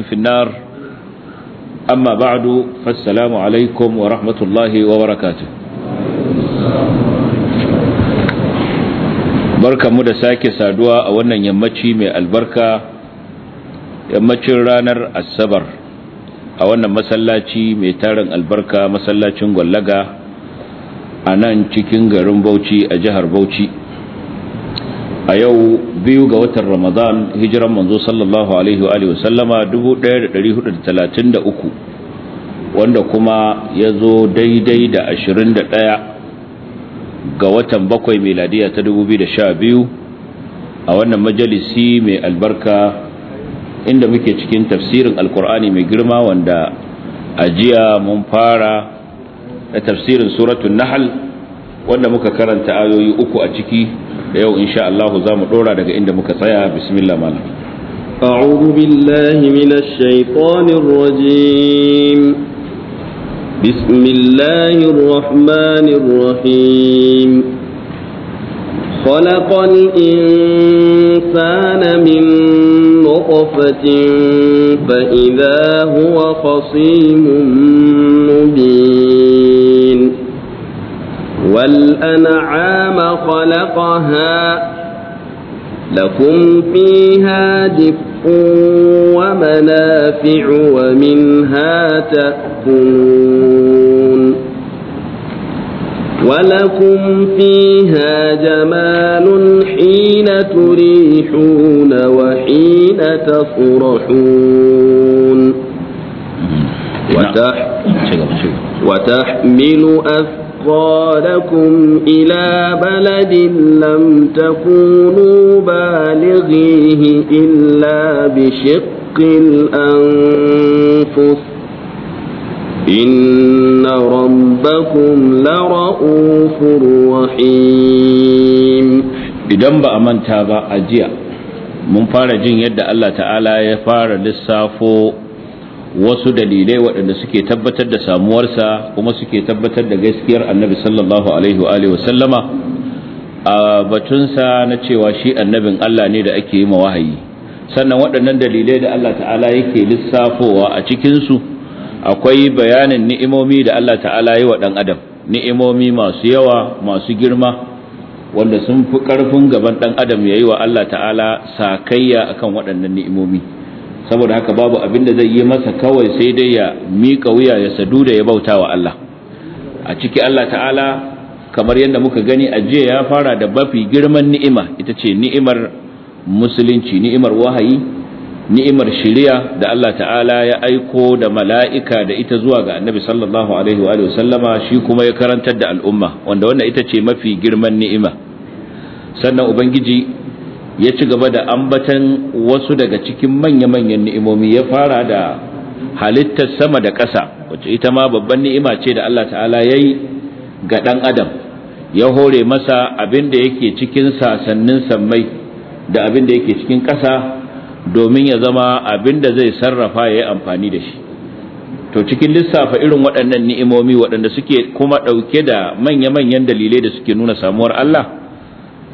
في النار أما بعد فالسلام wa ورحمة الله وبركاته barka mu da sake saduwa a wannan yammaci mai albarka yammacin ranar asabar a wannan masallaci mai taron albarka masallacin Gwalaga, a nan cikin garin bauchi a jihar bauchi a yau biyu ga watan ramadan hijiran manzo sallallahu alaihi wa sallama 1433 wanda kuma ya zo daidai da 21 ga watan bakwai meladiya ta 2012 a wannan majalisi mai albarka inda muke cikin tafsirin alkur'ani mai girma wanda a mun fara da tafsirin suratun nahal wanda muka karanta ayoyi uku a ciki da yau insha Allah za mu dora daga inda muka tsaya bismillah malam أعوذ بالله من الشيطان الرجيم بسم الله الرحمن الرحيم خلق الإنسان من نطفة فإذا هو خصيم مبين والأنعام خلقها لكم فيها دفء ومنافع ومنها تأكلون ولكم فيها جمال حين تريحون وحين تصرحون نعم. وتح وتحمل أثقالكم أخرجكم إلى بلد لم تكونوا بالغيه إلا بشق الأنفس إن ربكم لرؤوف رحيم idan ba a manta ba a jiya mun fara jin yadda Allah ta'ala ya fara lissafo wasu dalilai waɗanda suke tabbatar da samuwarsa kuma suke tabbatar da gaskiyar annabi sallallahu alaihi wa sallama a batunsa na cewa shi annabin Allah ne da ake yi ma wahayi sannan waɗannan dalilai da Allah ta'ala yake lissafowa a cikinsu akwai bayanin ni'imomi da Allah ta'ala yi wa ɗan adam ni'imomi masu yawa masu girma wanda sun fi ƙarfin gaban ɗan adam ya yi wa Allah ta'ala sakayya akan waɗannan ni'imomi saboda haka babu abin da zai yi masa kawai sai dai ya miƙa wuya ya sadu da ya bauta wa Allah a ciki Allah ta'ala kamar yadda muka gani a jiya ya fara da mafi girman ni'ima ita ce ni'imar musulunci ni'imar wahayi ni'imar shiriya da Allah ta'ala ya aiko da mala'ika da ita zuwa ga annabi sallallahu alaihi wa sallama shi kuma ya karantar da al'umma wanda wannan ita ce mafi girman ni'ima sannan ubangiji ya ci gaba da ambatan wasu daga cikin manya-manyan ni'imomi ya fara da halittar sama da ƙasa wacce ita ma babban ni'ima ce da Allah ta'ala ya yi ga ɗan adam ya hore masa abin da yake cikin sasannin sammai da abin da yake cikin ƙasa domin ya zama abin da zai sarrafa ya yi amfani da shi to cikin lissafa irin waɗannan ni'imomi waɗanda suke kuma ɗauke da manya-manyan dalilai da suke nuna samuwar Allah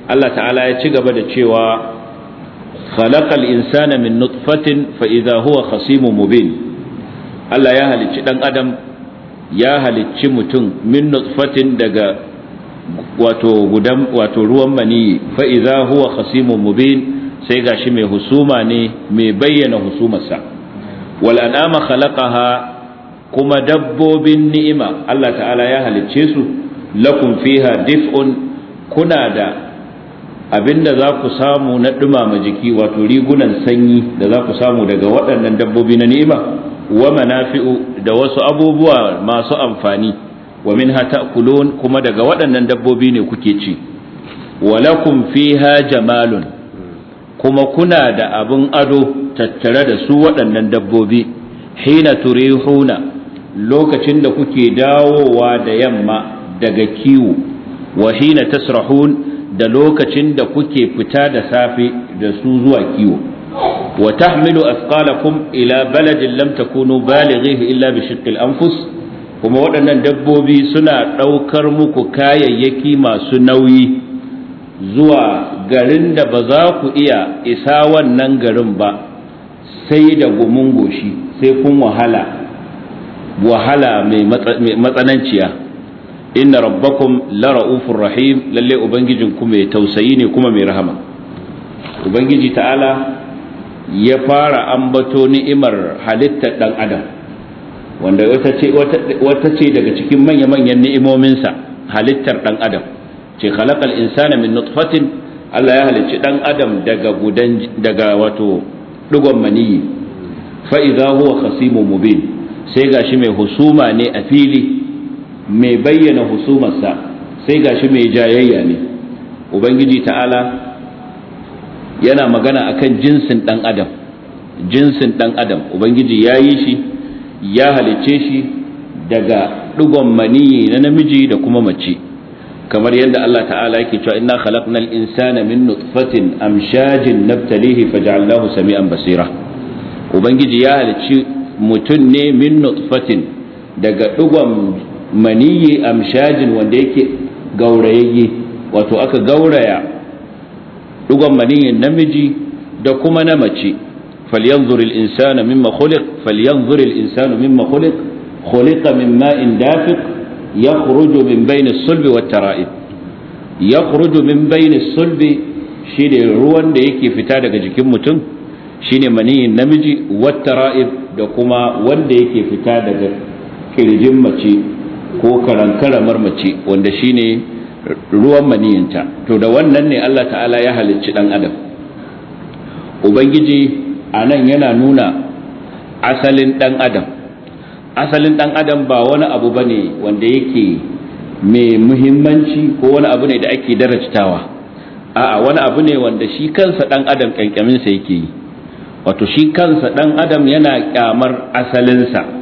Allah ta'ala ya ci gaba da cewa khalaqal insana min nutfatin fa idza huwa khasimun mubin Allah ya halicci dan adam ya halicci mutum min nutfatin daga wato gudan wato ruwan maniyi fa idza huwa khasimun mubin sai gashi mai husuma ne mai bayyana husumarsa wal an'ama khalaqaha kuma dabbobin ni'ima Allah ta'ala ya halicce su lakum fiha dif'un kuna da abinda za ku samu na dumama jiki wato rigunan sanyi da za ku samu daga waɗannan dabbobi na ni'ima wa manafi'u da wasu abubuwa masu amfani wa min minha ta'kulun kuma daga waɗannan dabbobi ne kuke ci walakun fiha jamalun kuma kuna da abin ado tattare da su waɗannan dabbobi hina turihuna lokacin da kuke dawowa da yamma daga kiwo wa hina tasrahun da lokacin da kuke fita da safe da su zuwa kiwo wa tahmilu asqalakum ila baladin lam takunu balighihi illa bi shiqqil anfus kuma waɗannan dabbobi suna ɗaukar muku kayayyaki masu nauyi zuwa garin da ba za ku iya isa wannan garin ba sai da gumin goshi sai kun wahala wahala mai matsananciya inna rabbakum la ra'ufur rahim lalle ubangijin ku mai tausayi ne kuma mai rahama ubangiji ta'ala ya fara ambato ni'imar halittar dan adam wanda wata ce daga cikin manya-manyan ni'imominsa halittar dan adam ce khalaqal insana min nutfatin Allah ya halicci dan adam daga gudan daga wato dugon maniyi fa idza huwa khasimun mubin sai gashi mai husuma ne a fili mai bayyana husumarsa sai gashi mai jayayya ne ubangiji ta'ala yana magana akan jinsin dan adam jinsin dan adam ubangiji ya yi shi ya halicce shi daga dugon maniyi na namiji da kuma mace kamar yadda Allah ta'ala yake cewa inna khalaqnal insana min nutfatin amshajin nabtalihi faj'alnahu sami'an basira ubangiji ya halice mutum ne min nutfatin daga dugon maniyi amshajin wanda yake gaurayayye wato aka gauraya dugon maniyin namiji da kuma na mace falyanzur al-insanu mimma khuliq falyanzur al-insanu mimma khuliq khuliqa min ma'in dafiq yakhruju min bayni as-sulbi wat-tara'ib yakhruju min bayni as-sulbi shine ruwan da yake fita daga jikin mutum shine maniyin namiji wat-tara'ib da kuma wanda yake fita daga kirjin mace ko karankaramar mace wanda shine ruwan maniyanta. to da wannan ne Allah ta'ala ya halicci dan adam ubangiji anan yana nuna asalin dan adam asalin dan adam ba wani abu bane wanda yake mai muhimmanci ko wani abu ne da ake darajtawa a'a wani abu ne wanda shi kansa dan adam kankamin yake yi wato shi kansa ɗan adam yana kyamar asalinsa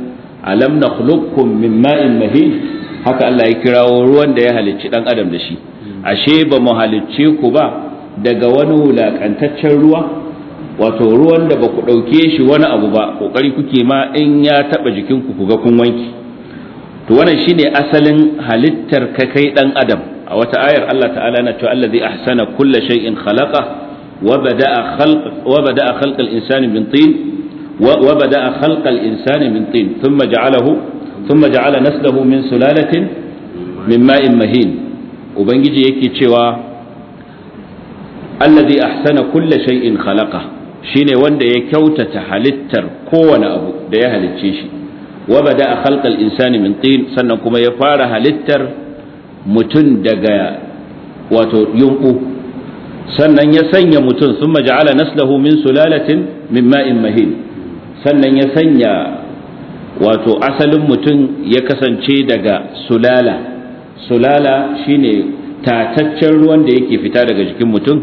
alam nakhluqukum min ma'in mahin haka Allah ya kirawo ruwan da ya halicci dan adam da shi ashe ba mu halicce ku ba daga wani wulakantaccen ruwa wato ruwan da ba ku ɗauke shi wani abu ba ƙoƙari kuke ma in ya taɓa jikinku ku ga kun wanki to wannan shine asalin halittar ka kai ɗan adam a wata ayar Allah ta'ala na cewa allazi ahsana kulla shay'in khalaqa wa bada'a khalqa wa bada'a khalqa insani min tin wa bada'a khalqal insani min tin thumma ja'alahu thumma ja'ala naslahu min sulalatin min ma'in mahin ubangiji yake cewa allazi ahsana kulla shay'in khalaqa shine wanda ya kyautata halittar kowane abu da ya halicce shi wa bada'a khalqal insani min tin sannan kuma ya fara halittar mutum daga wato yunku sannan ya sanya mutum sun maja'ala min min mahin sannan ya sanya wato asalin mutum ya kasance daga sulala sulala shine tataccen ruwan da yake fita daga jikin mutum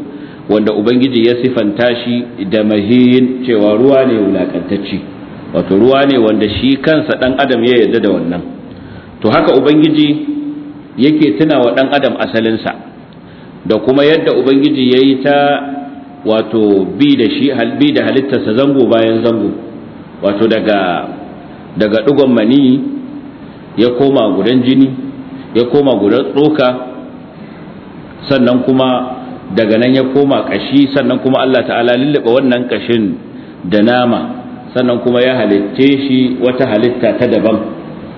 wanda ubangiji ya sifanta shi da mahiyin cewa ruwa ne wulakantacci wato ruwa ne wanda shi kansa ɗan adam ya yarda da wannan to haka ubangiji yake tuna wa ɗan adam asalinsa da kuma yadda ubangiji ya yi ta wato bi da halittarsa zango bayan zango wato daga daga mani ya koma gudan jini ya koma gudan tsoka sannan kuma daga nan ya koma kashi sannan kuma Allah ta'ala lullaba wannan kashin da nama sannan kuma ya halicce shi wata halitta ta daban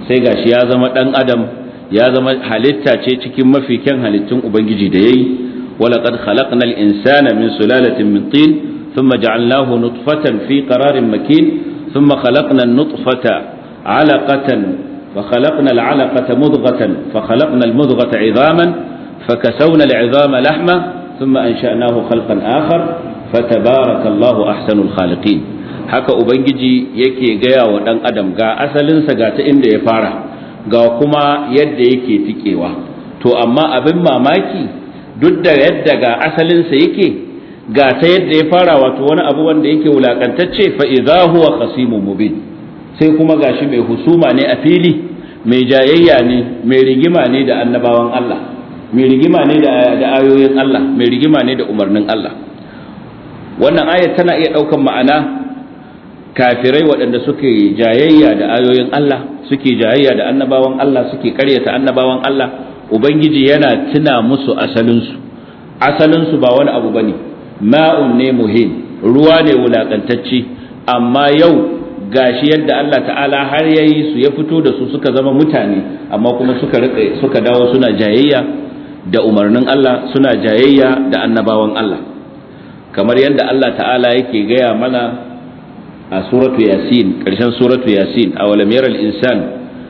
sai gashi ya zama ɗan adam ya zama halitta ce cikin mafi kyan halittun ubangiji da yayi ولقد خلقنا الإنسان من سلالة من طين ثم جعلناه نطفة fi ƙararin makin. ثم خلقنا النطفة علقة فخلقنا العلقة مضغة فخلقنا المضغة عظاما فكسونا العظام لحمة ثم أنشأناه خلقا آخر فتبارك الله أحسن الخالقين haka ubangiji yake gaya wa ɗan adam ga asalinsa ga ta inda ya fara ga kuma yadda yake tikewa to amma abin mamaki duk da yadda ga asalinsa yake ga ta yadda ya fara wato wani abu wanda yake wulakantacce fa idza huwa khasimun mubin sai kuma gashi mai husuma ne a fili mai jayayya ne mai rigima ne da annabawan Allah mai rigima ne da ayoyin Allah mai rigima ne da umarnin Allah wannan ayat tana iya daukan ma'ana kafirai waɗanda suke jayayya da ayoyin Allah suke jayayya da annabawan Allah suke karyata annabawan Allah ubangiji yana tuna musu asalinsu asalinsu ba wani abu bane ma'un ne muhim, ruwa ne wulaƙantacci, amma yau gashi yadda Allah ta'ala har yayi su ya fito da su suka zama mutane amma kuma suka rike suka dawo suna jayayya da umarnin Allah suna jayayya da annabawan Allah kamar yadda Allah ta'ala yake gaya mana a suratu yasin ƙarshen suratu yasin awalam yaral insan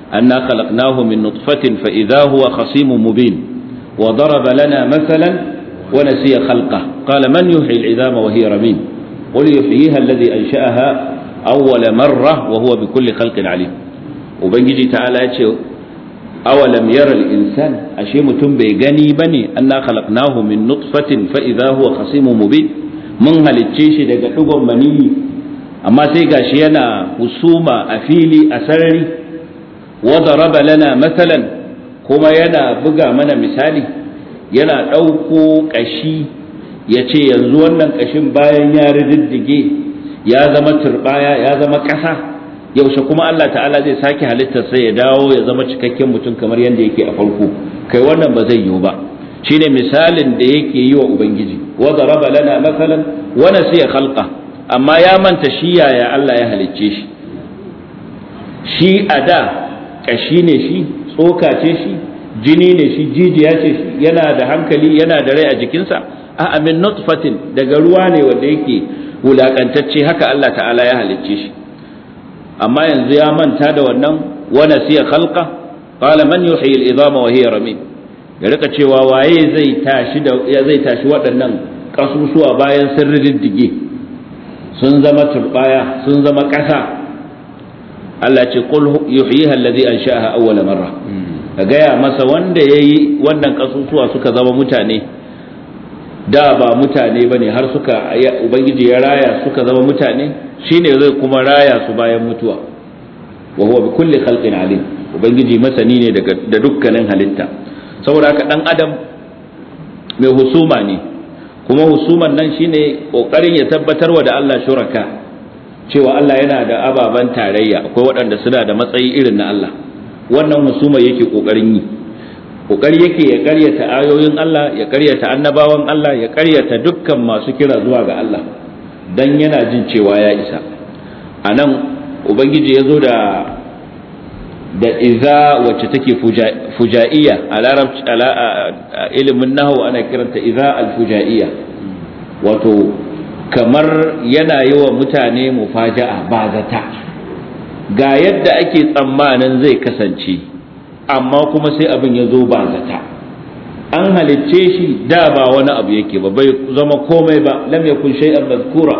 أنا خلقناه من نطفة فإذا هو خصيم مبين وضرب lana masalan ونسي خلقه قال من يحيي العظام وهي رميم قل يحييها الذي أنشأها أول مرة وهو بكل خلق عليم وبنجي تعالى يتشو أولم يرى الإنسان أشي متم بيغني بني أنا خلقناه من نطفة فإذا هو خصيم مبين من هل التشيش مني أما سيكا شينا وسوما أفيلي أسرري وضرب لنا مثلا كما ينا بقى من مثالي yana ɗauko ƙashi ya ce yanzu wannan ƙashin bayan ya rididdige ya zama turbaya ya zama ƙasa yaushe kuma Allah ta'ala zai sake halittar sai ya dawo ya zama cikakken mutum kamar yadda yake a farko kai wannan ba zai yiwu ba shine misalin da yake yi wa ubangiji wa zaraba lana masalan wa nasiya khalqa amma ya manta shi yaya Allah ya halicce shi shi a da ƙashi ne shi tsoka ce shi jini ne shi jijiya ce yana da hankali yana da rai a jikinsa a min nutfatin daga ruwa ne wanda yake wulakantacce haka Allah ta'ala ya halicce shi amma yanzu ya manta da wannan wa nasiya khalqa qala man yuhyi al-idama wa hiya ya rika cewa waye zai tashi da zai tashi waɗannan kasusuwa bayan sun riddige sun zama turbaya sun zama ƙasa Allah ce qul yuhyiha alladhi ansha'aha awwala marra hmm. ka gaya masa wanda ya yi wannan kasusuwa suka zama mutane da ba mutane ba ne har suka ubangiji ya raya suka zama mutane shine zai kuma raya su bayan mutuwa wa huwa bi kulli khalqin alim ubangiji masani ne da dukkanin halitta saboda haka dan adam mai husuma ne kuma husuman nan shine kokarin ya tabbatar wa da Allah shuraka cewa Allah yana da ababen tarayya akwai waɗanda suna da matsayi irin na Allah wannan husuma yake kokarin yi kokari yake ya karyata ayoyin Allah ya karyata annabawan Allah ya karyata dukkan masu kira zuwa ga Allah dan yana jin cewa ya isa anan ubangiji ya zo da da iza wacce take fujaiya a larabci ilimin nahu ana kiranta iza alfujaiya wato kamar yana yi wa mutane mufaja'a ba zata ga yadda ake tsammanin zai kasance amma kuma sai abin ya zo ba zata an halicce shi da ba wani abu yake ba bai zama komai ba lam yakun shay'an mazkura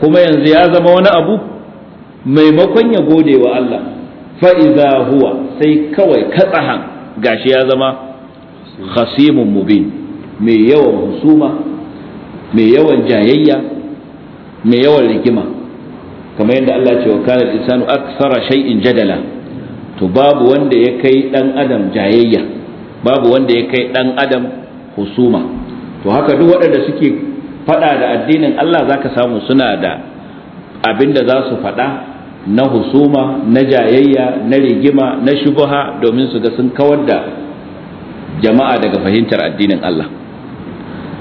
kuma yanzu ya zama wani abu maimakon ya gode wa Allah fa'iza huwa sai kawai katsahan gashi ya zama khasimun mubin mai yawan husuma mai yawan jayayya mai yawan rigima kamar yadda Allah ce wa kana insanu aksara shay'in jadala to babu wanda ya kai dan adam jayayya babu wanda ya kai dan adam husuma to haka duk waɗanda suke fada da addinin Allah zaka samu suna da abinda za su fada na husuma na jayayya na rigima na shubha domin su ga sun kawar da jama'a daga fahimtar addinin Allah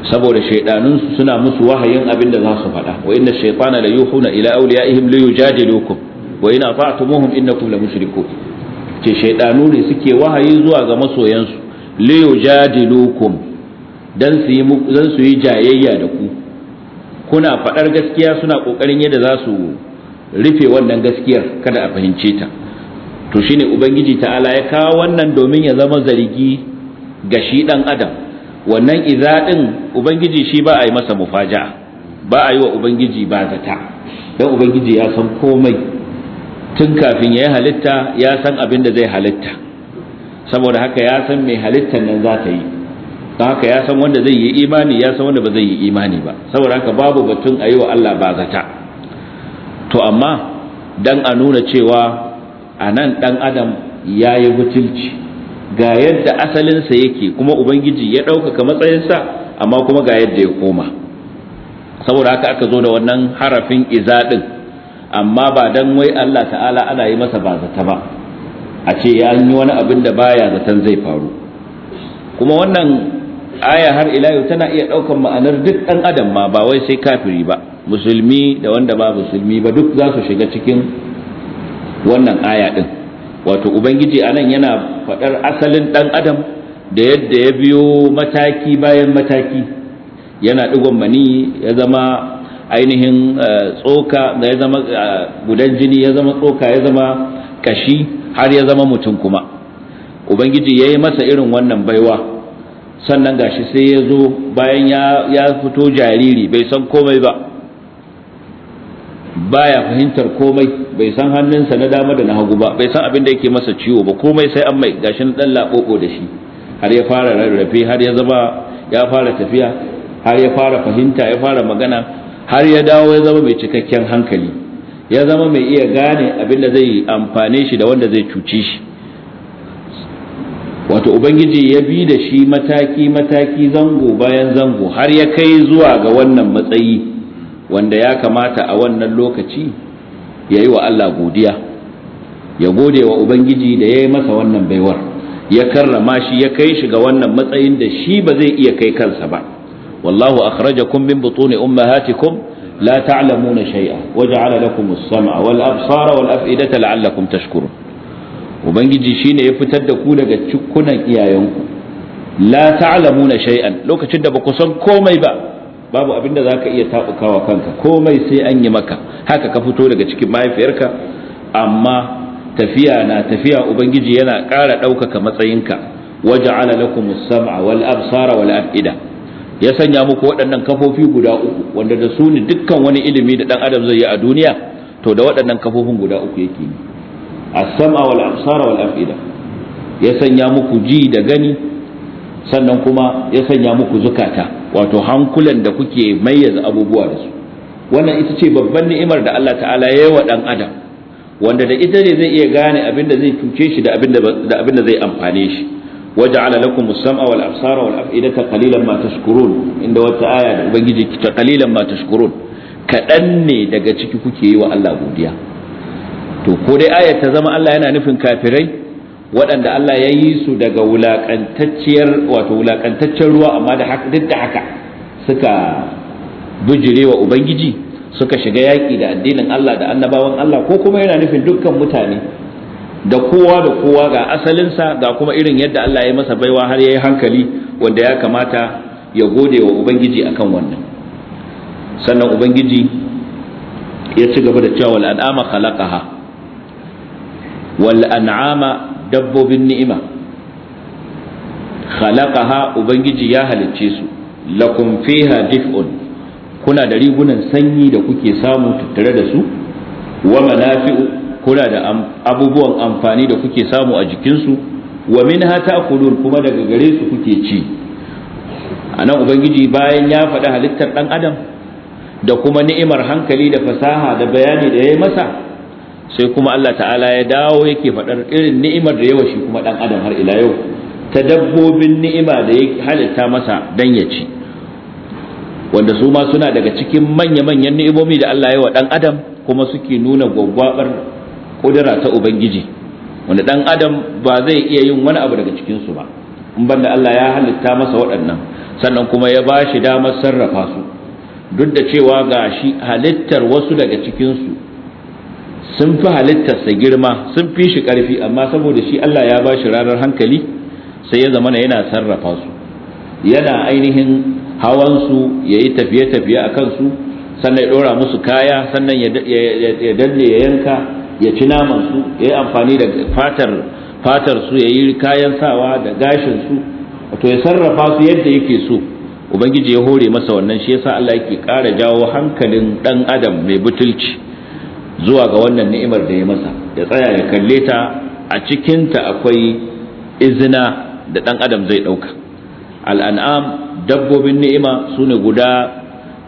saboda shaidanun suna musu wahayin abin da za su faɗa wa inna shaytana la yuhuna ila awliyaihim li yujadilukum wa in ata'tumuhum innakum la mushrikun ce shaidanu ne suke wahayi zuwa ga masoyansu li yujadilukum dan su yi dan su yi jayayya da ku kuna faɗar gaskiya suna kokarin yadda za su rufe wannan gaskiyar kada a fahimce ta to shine ubangiji ta'ala ya kawo wannan domin ya zama zargi ga shi dan adam wannan izadin ɗin ubangiji shi ba a yi masa mufaja ba a yi wa ubangiji ba zata dan ubangiji ya san komai tun kafin ya yi halitta ya san abin da zai halitta saboda haka ya san mai halittar nan za ta yi don haka ya san wanda zai yi imani ya san wanda ba zai yi imani ba saboda haka babu batun a yi wa Allah ba zata to amma dan a nuna cewa a nan dan adam ya yi mutunci. ga yadda asalinsa yake kuma ubangiji ya ɗaukaka matsayinsa amma kuma ga yadda ya koma saboda haka aka zo da wannan harafin izaɗin amma ba dan wai Allah ta'ala ana yi masa ba zata ba a ce ya yi wani abin da baya zaton zai faru kuma wannan aya har ila tana iya ɗaukan ma'anar duk ɗan adam ma ba wai sai kafiri ba musulmi da wanda ba musulmi ba duk za su shiga cikin wannan aya ɗin wato ubangiji anan yana faɗar asalin ɗan adam da yadda ya biyo mataki bayan mataki yana ɗigon mani ya zama ainihin eh, tsoka da ya zama eh, gudan jini ya zama tsoka ya zama kashi har ya zama mutum kuma ubangiji ya yi masa irin wannan baiwa sannan gashi sai ya zo bayan ya fito jariri bai san komai ba baya fahimtar komai bai san hannunsa na dama da na hagu ba bai san abin da yake masa ciwo ba komai sai an mai gashin dan laɓoɓo da shi har ya fara rarrafe har ya zama ya fara tafiya har ya fara fahimta ya fara magana har ya dawo ya zama mai cikakken hankali ya zama mai iya gane abin da zai amfane shi da wanda zai cuci shi wato ubangiji ya bi da shi mataki mataki zango bayan zango har ya kai zuwa ga wannan matsayi wanda ya kamata a wannan lokaci ya yi wa Allah godiya ya gode wa ubangiji da ya yi masa wannan baiwar ya karrama shi ya kai shi ga wannan matsayin da shi ba zai iya kai kansa ba wallahu akhrajakum min butuni ummahatikum la ta'lamuna shay'a waja'ala lakum as-sam'a wal absara wal af'idata la'allakum tashkurun ubangiji shine ya fitar da ku daga cikunan iyayenku la ta'lamuna shay'an lokacin da ba ku san komai ba babu abin da ka iya tabukawa kanka komai sai an yi maka haka ka fito daga cikin mahaifiyarka amma tafiya na tafiya ubangiji yana ƙara ɗaukaka matsayinka waja'ala lakum as-sam'a wal absara wal af'ida ya sanya muku waɗannan kafofi guda uku wanda da su ne dukkan wani ilimi da dan adam zai yi a duniya to da waɗannan kafofin guda uku yake as-sam'a wal absara wal af'ida ya sanya muku ji da gani sannan kuma ya sanya muku zukata wato hankulan da kuke mayyaza abubuwa da su wannan ita ce babban ni'imar da Allah ta'ala ya yi wa ɗan adam wanda da ita ne zai iya gane abin da zai cuce shi da abin da zai amfane shi waja'ala lakum as-sam'a wal absara wal af'idata qalilan ma tashkurun inda wata aya da ubangiji ta qalilan ma tashkurun kadan ne daga ciki kuke yi wa Allah godiya to ko dai ayar ta zama Allah yana nufin kafirai waɗanda Allah ya yi su daga wulaƙantacciyar wato wulaƙantaccen ruwa amma da haka duk da haka suka bijire wa ubangiji suka shiga yaƙi da addinin Allah da annabawan Allah ko kuma yana nufin dukkan mutane da kowa da kowa ga asalinsa ga kuma irin yadda Allah ya masa baiwa har ya yi hankali wanda ya kamata ya gode wa ubangiji akan wannan sannan ubangiji ya ci gaba da cewa wal an'ama khalaqaha wal an'ama dabbobin ni'ima khalaqaha ubangiji ya halicce su lakum fiha dif'un kuna da rigunan sanyi da kuke samu tattare da su wa manafi'u kuna da abubuwan amfani da kuke samu a jikinsu wa minha ta'kulun kuma daga gare su kuke ci anan ubangiji bayan ya faɗi halittar ɗan adam da kuma ni'imar hankali da fasaha da bayani da ya yi masa sai kuma Allah ta'ala ya dawo yake faɗar irin ni'imar da yawa shi kuma ɗan adam har ila yau ta dabbobin ni'ima da ya halitta masa dan ya ci wanda su ma suna daga cikin manya-manyan ni'imomi da Allah ya wa ɗan adam kuma suke nuna gwaggwabar ƙudura ta ubangiji wanda ɗan adam ba zai iya yin wani abu daga cikinsu ba in banda Allah ya halitta masa waɗannan sannan kuma ya ba shi damar sarrafa su duk da cewa ga shi halittar wasu daga cikinsu sun fi halittarsa girma sun fi shi ƙarfi amma saboda shi Allah ya ba shi ranar hankali sai ya zamana yana sarrafa su yana ainihin hawansu ya yi tafiye-tafiye a kansu sannan ya ɗora musu kaya sannan ya danne ya yanka ya ci namansu ya yi amfani da fatar fatar su ya yi kayan sawa da gashin su wato ya sarrafa su yadda yake so ubangiji ya hore masa wannan shi yasa Allah yake ƙara jawo hankalin ɗan adam mai butulci zuwa ga wannan ni'imar da ya masa ya tsaya ya kalle ta a cikinta akwai izina da ɗan adam zai ɗauka al'an'am dabbobin ni'ima su ne guda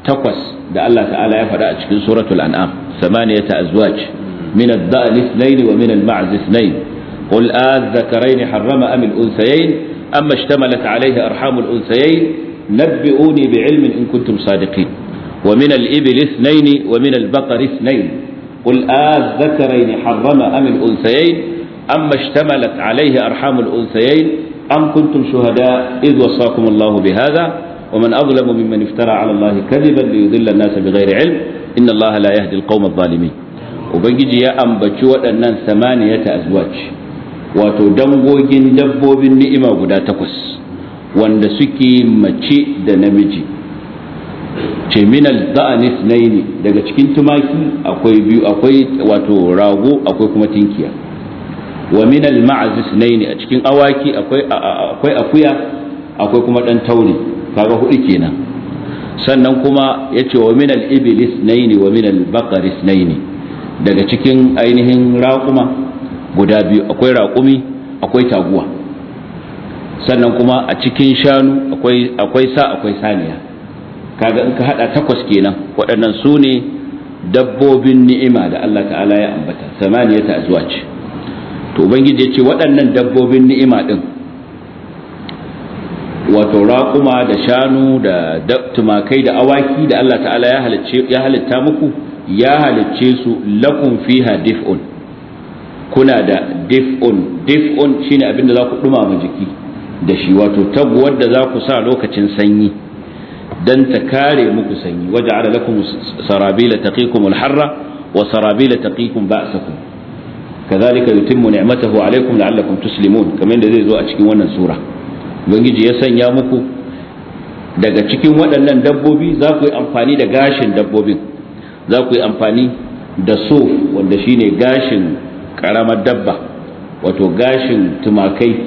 takwas da Allah ta'ala ya faɗa a cikin suratul an'am ta azwaj min ad-da'n ithnayn wa min al-ma'z ithnayn qul adh-dhakarayn harrama am al-unthayayn am ishtamalat alayhi arham al nabbi'uni bi'ilmin in kuntum sadiqin wa min al صادقين ithnayn wa min al-baqar ithnayn قل آذ ذكرين حرم أم الأنثيين أما اشتملت عليه أرحام الأنثيين أم كنتم شهداء إذ وصاكم الله بهذا ومن أظلم ممن افترى على الله كذبا ليضل الناس بغير علم إن الله لا يهدي القوم الظالمين وبنجي يا أم بتشوى أنان ثمانية أزواج وتدنغو جندبو بالنئمة ودا تقص وان سكي مچي دنمجي ce minal da'anis naini daga cikin tumaki akwai biyu akwai wato rago akwai kuma tinkiya wa minal ma'azis naini a cikin awaki akwai akwai akuya akwai kuma dan tauri kaga hudu kenan sannan kuma yace wa minal iblis naini wa minal baqar naini daga cikin ainihin raƙuma guda biyu akwai raƙumi akwai taguwa sannan kuma a cikin shanu akwai akwai sa akwai saniya kaga in ka hada takwas kenan waɗannan su ne dabbobin ni'ima da Allah ta'ala ya ambata samaniyata ce. to ubangiji ya ce waɗannan dabbobin ni'ima din wato raƙuma da shanu da tumakai da awaki da Allah ta'ala ya halitta muku ya halicce su lakum fiha dif'un kuna da dif'un dif'un shine abinda za ku ɗumama jiki da shi wato taguwar da za ku sa lokacin sanyi dan ta kare muku sanyi waja'ala lakum sarabila taqikum al-harra wa sarabila taqikum ba'sakum kadhalika yutimmu ni'matahu alaykum la'allakum tuslimun kamar da zai zo a cikin wannan sura ubangiji ya sanya muku daga cikin waɗannan dabbobi za ku yi amfani da gashin dabbobin za ku yi amfani da so wanda shine gashin karamar dabba wato gashin tumakai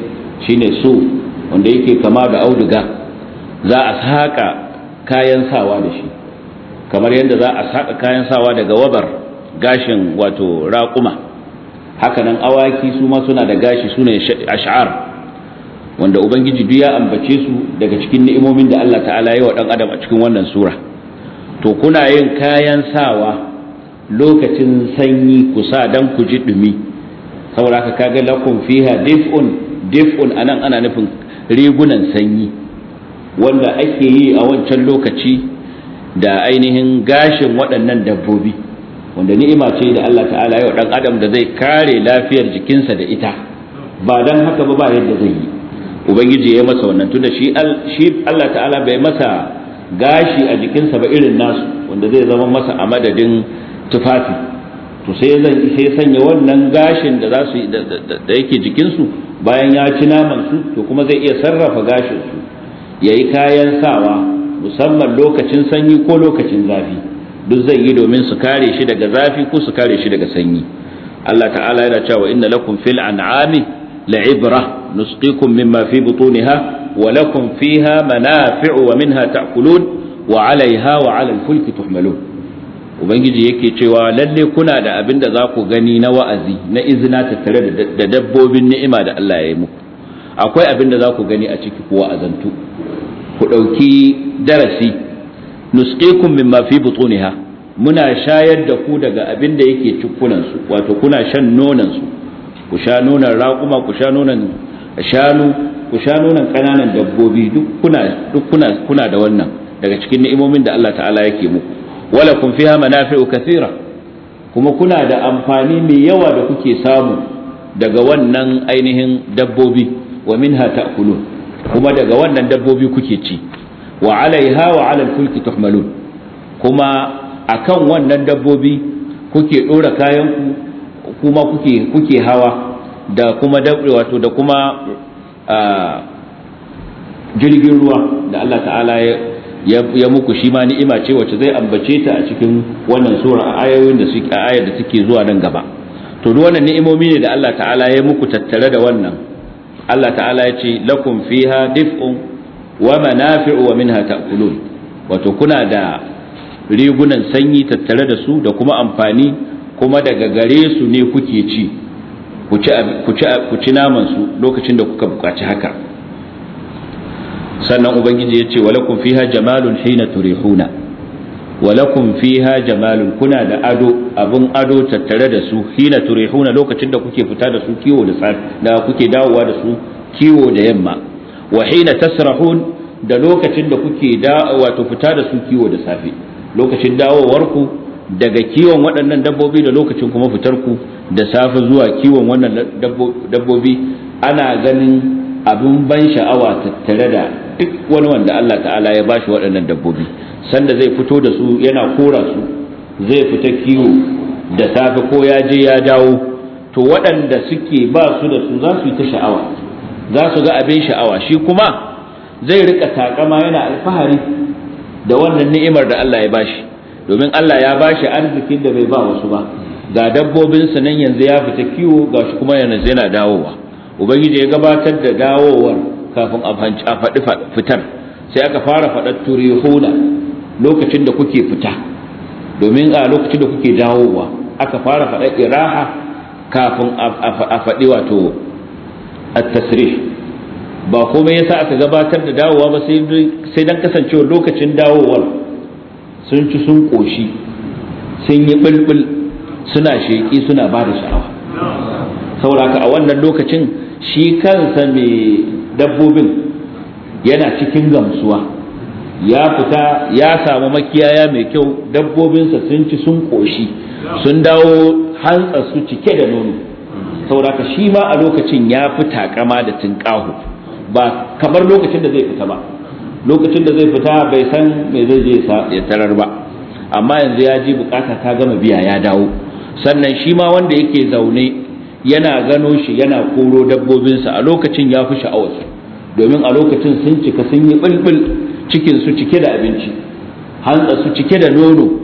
shine su wanda yake kama da auduga za a saƙa kayan sawa da shi kamar yadda za a saka kayan sawa daga wabar gashin wato raƙuma hakanan awaki su ma suna da gashi suna ash'ar wanda ubangiji duk ya ambace su daga cikin ni'imomin da Allah ta'ala ya wa dan adam a cikin wannan sura to kuna yin kayan sawa lokacin sanyi ku sa dan ku ji dumi saboda haka kaga lakum fiha dif'un dif'un anan ana nufin rigunan sanyi wanda ake yi a wancan lokaci da ainihin gashin waɗannan dabbobi wanda ni'ima ce da Allah ta'ala yau dan adam da zai kare lafiyar jikinsa da ita ba dan haka ba ba yadda zai yi ubangiji ya masa wannan tunda shi Allah ta'ala bai masa gashi a jikinsa ba irin nasu wanda zai zama masa a madadin tufafi to sai zan sai sanya wannan gashin da za su da yake jikinsu bayan ya ci naman su to kuma zai iya sarrafa gashin su ya yi kayan sawa musamman lokacin sanyi ko lokacin zafi duk zai yi domin su kare shi daga zafi ko su kare shi daga sanyi Allah ta'ala yana cewa inna lakum fil an'ami la'ibra nusqikum mimma fi butuniha wa lakum fiha manafi'u wa minha ta'kulun wa 'alayha wa 'ala al-fulki tuhmalun ubangiji yake cewa lalle kuna da abin da za ku gani na wa'azi na izina tattare da dabbobin ni'ima da Allah ya yi muku akwai abin da za ku gani a ciki ku wa'azantu ku ɗauki darasi nusqikum mimma fi butuniha muna shayar da ku daga abin da yake cikunansu wato kuna shan nonansu ku sha nonan raƙuma ku sha nonan shanu ku sha nonan ƙananan dabbobi duk kuna kuna da wannan daga cikin ni'imomin da Allah ta'ala yake muku wala kun fiha manafi'u kathira kuma kuna da amfani mai yawa da kuke samu daga wannan ainihin dabbobi wa minha ta'kulun kuma daga wannan dabbobi kuke ci wa alaiha wa alal fulki tuhmalun kuma akan wannan dabbobi kuke dora kayan ku kuma kuke kuke hawa da kuma dabbe wato da kuma jirgin ruwa da Allah ta'ala ya muku shi ma ni'ima ce wacce zai ambace ta a cikin wannan sura ayoyin da suke ayar da suke zuwa nan gaba to duk wannan ni'imomi ne da Allah ta'ala ya muku tattare da wannan Allah ta'ala ya ce lakum fiha dif'un wa manafi'u wa minha ta'kulun wato kuna da rigunan sanyi tattare da su da kuma amfani kuma daga gare su ne kuke ci ku ci naman su lokacin da kuka bukaci haka sannan ubangiji ya ce wa lakum fiha jamalun hina turihuna walakum fiha jamalun kuna da ado abun ado tattare da su hina turihuna lokacin da kuke fita da su kiwo da safi da kuke dawowa da su kiwo da yamma wa hina tasrahun da lokacin da kuke da wato fita da su kiwo da safi lokacin dawowar ku daga kiwon waɗannan dabbobi da lokacin kuma fitar ku da safe zuwa kiwon wannan dabbobi ana ganin abin ban sha'awa tattare da duk wani wanda Allah ta'ala ya bashi waɗannan dabbobi sanda zai fito da su yana kora su zai fita kiwo da safe ko ya je ya dawo to waɗanda suke ba su da su za su yi ta sha'awa za su ga abin sha'awa shi kuma zai rika takama yana alfahari da wannan ni'imar da Allah ya bashi domin Allah ya bashi arzikin da bai ba wasu ba ga dabbobinsa nan yanzu ya fita kiwo ga shi kuma yanzu yana dawowa ubangiji ya gabatar da dawowar kafin a faɗi fitar sai aka fara faɗar turihuna lokacin da kuke fita domin a lokacin da kuke dawowa aka fara faɗar iraha kafin a faɗi wato a tasirin. ba komai yasa aka gabatar da dawowa ba sai don kasancewa lokacin dawowar sun ci sun ƙoshi sun yi bulbul suna sheƙi suna ba da sha'awa sauraka a wannan lokacin shi kansa mai dabbobin yana cikin gamsuwa ya fita ya samu makiyaya mai kyau dabbobinsa sun ci sun ƙoshi sun dawo hantsa su cike da nono sauraka shi ma a lokacin ya fi takama da tinƙaho ba kamar lokacin da zai fita ba lokacin da zai fita bai san me zai je ya tarar ba amma yanzu ya ji bukata ta gama biya ya dawo sannan shi ma wanda yake zaune yana gano shi yana koro dabbobinsa a lokacin ya fi sha'awarsu domin a lokacin sun cika sun yi bulbul cikin su cike da abinci hantsa su cike da nono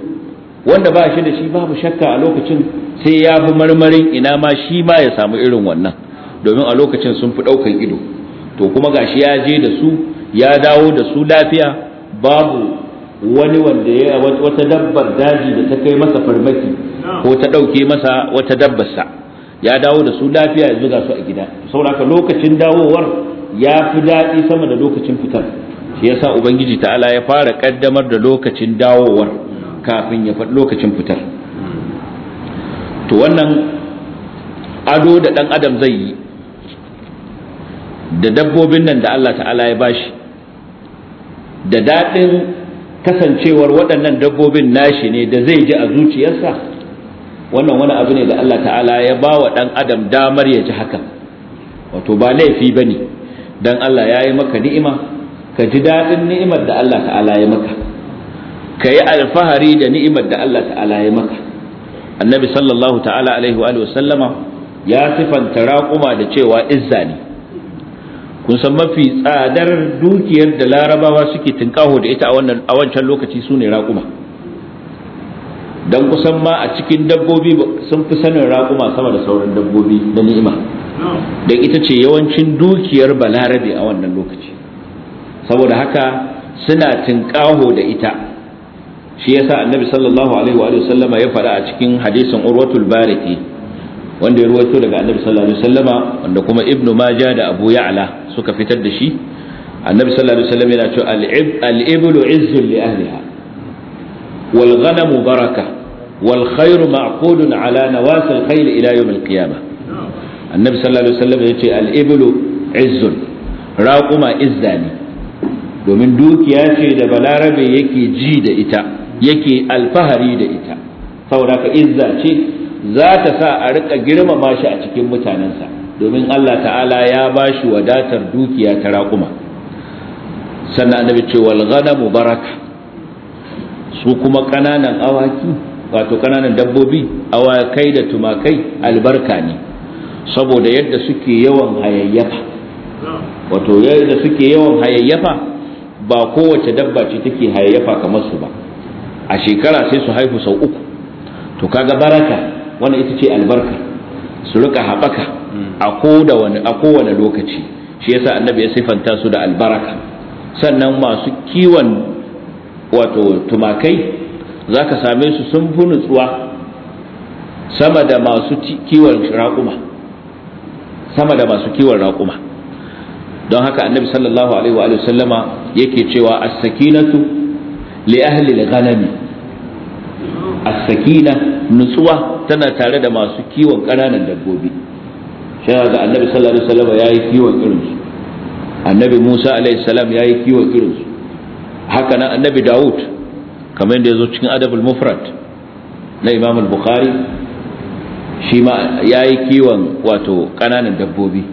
wanda ba shi da shi babu shakka a lokacin sai ya fi marmarin ina ma shi ma ya samu irin wannan domin a lokacin sun fi ɗaukar ido to kuma gashi ya je da su ya dawo da su lafiya babu wani wanda ya wata dabbar daji da ta kai masa farmaki ko ta ɗauke masa wata dabbarsa ya dawo da su lafiya ya zuga su a gida sauraka lokacin dawowar ya fi daɗi sama da lokacin fitar shi yasa ubangiji ta'ala ya fara kaddamar da lokacin dawowar kafin ya faɗi lokacin fitar to wannan ado da ɗan adam zai yi da dabbobin nan da Allah ta'ala ya bashi da daɗin kasancewar waɗannan dabbobin nashi ne da zai ji a zuciyarsa wannan wani abu ne da Allah ta'ala ya ba wa ɗan adam damar ya ji haka wato ba laifi ba ne don Allah ya yi maka ni'ima ka ji daɗin ni'imar da Allah ta'ala ya maka ka yi alfahari da ni'imar da Allah ta'ala ya maka annabi sallallahu ta'ala alaihi wa sallama ya sifanta raƙuma da cewa izza ne kun san mafi tsadar dukiyar da larabawa suke tinkaho da ita a wancan lokaci su ne raƙuma dan kusan ma a cikin dabbobi sun fi sanin raƙuma sama da sauran dabbobi na ni'ima dan ita ce yawancin dukiyar balarabe a wannan lokaci saboda haka suna tinƙaho da ita shi yasa annabi sallallahu alaihi wa sallama ya faɗa a cikin hadisin urwatul bariki wanda ya ruwaito daga annabi sallallahu alaihi sallama wanda kuma ibnu maja da abu ya'la suka fitar da shi annabi sallallahu alaihi wasallam yana cewa al-iblu izzul li ahliha wal ghanamu baraka wal khairu ma'qudun ala nawasil khayl ila yawm al qiyamah annabi sallallahu alaihi wasallam yace al iblu izzun raquma izzani domin dukiya ce da balarabe yake ji da ita yake alfahari da ita sauraka ka izza ce za sa a rika girmama shi a cikin mutanensa domin Allah ta'ala ya ba shi wadatar dukiya ta raƙuma sannan annabi ce wal su kuma ƙananan awaki wato ƙananan dabbobi awakai da tumakai albarka ne saboda yadda suke yawan hayayyafa wato yadda suke yawan hayayyafa ba kowace dabba ce take hayayyafa kamar su ba a shekara sai su haihu sau uku to kaga baraka wannan ita ce albarka su rika haɓaka a kowane lokaci shi yasa annabi ya sifanta su da albaraka sannan masu kiwon wato tumakai za ka same su sun fi nutsuwa sama da masu kiwon raƙuma sama da masu kiwon raƙuma don haka annabi sallallahu alaihi wa sallama yake cewa as-sakinatu li ahli al-ghanami as-sakina nutsuwa tana tare da masu kiwon ƙananan dabbobi shi ga annabi sallallahu alaihi wa sallama yayi kiwon irin su annabi Musa alaihi salam yayi kiwon irin su haka nan annabi Dawud kamar yadda ya zo cikin adabul mufrad na Imam bukhari shi ma yayi kiwon wato kananan dabbobi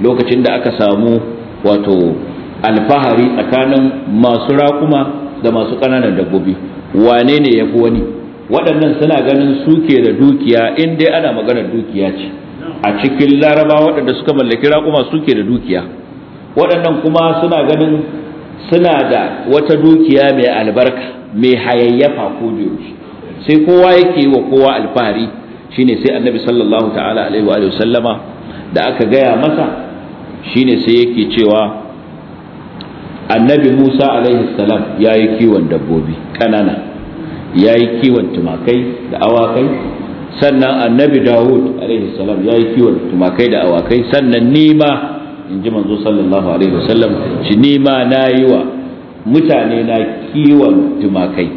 lokacin da aka samu wato alfahari tsakanin masu raƙuma da masu kananan dabbobi wane ne yafi wani waɗannan suna ganin suke da dukiya in dai ana maganar dukiya ce a cikin laraba waɗanda suka mallaki raƙuma suke da dukiya waɗannan kuma suna ganin suna da wata dukiya mai albarka mai hayayyafa ko da sai kowa yake yi wa kowa alfahari shine sai annabi sallallahu ta'ala alaihi wa sallama da aka gaya masa shine sai yake cewa annabi musa alaihi salam ya yi kiwon dabbobi kanana ya yi kiwon tumakai da awakai sannan annabi dawud alaihi salam ya yi kiwon tumakai da awakai sannan nima in ji manzo sallallahu alaihi wasallam shi ni ma na yi wa mutane na kiwon tumakai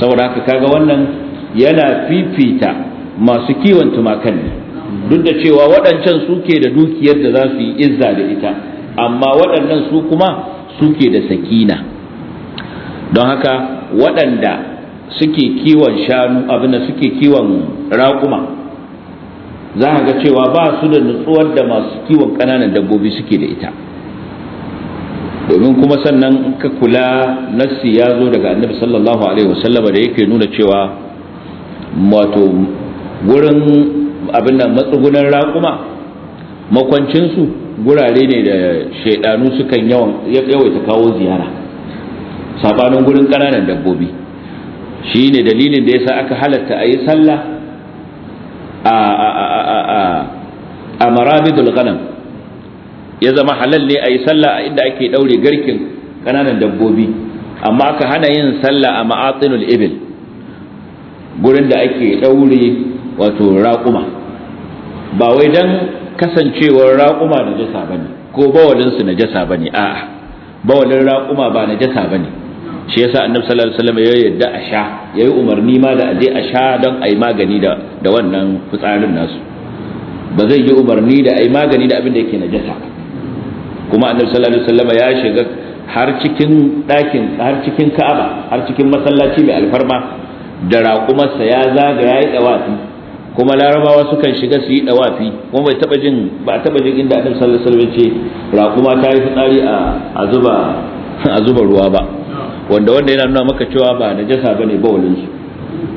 saboda haka kaga wannan yana fifita masu kiwon tumakan ne duk da cewa waɗancan suke da dukiyar da za su yi izza da ita amma waɗannan su kuma suke da sakina don haka waɗanda suke kiwon shanu abin da suke kiwon raƙuma za a ga cewa ba su da nutsuwar da masu kiwon ƙananan dabbobi suke da ita domin kuma sannan ka kula nassi ya zo daga annabi sallallahu alaihi wasallama da yake nuna cewa wato gurin abin da matsugunan raƙuma makwancinsu gurare ne da shaidanu sukan yawaita kawo ziyara sabanin gurin ƙananan dabbobi shi ne dalilin da yasa aka halatta ayi sallah a marabidul ghanam ya zama halal ne a yi sallah a inda ake daure garkin kananan dabbobi amma aka hana yin sallah a ma'atinul ibil gurin da ake daure wato raƙuma ba wai don kasancewar raƙuma da jasa bane ko bawalinsu na jasa bane a'a bawalin raƙuma ba na jasa bane shi yasa annabi sallallahu alaihi wasallam ya yadda a sha yayi umarni ma da aje a sha don ai magani da da wannan fitsarin nasu ba zai yi umarni da ai magani da abin da yake najasa kuma annabi sallallahu alaihi wasallam ya shiga har cikin ɗakin har cikin Ka'aba har cikin masallaci mai alfarma da raƙumarsa ya zaga yayi dawafi kuma larabawa sukan shiga su yi dawafi kuma bai taba jin ba taba jin inda annabi sallallahu alaihi wasallam ya ce raƙuma ta yi fitsari a a zuba a zuba ruwa ba wanda wanda yana nuna maka cewa ba na jasa bane bawalin su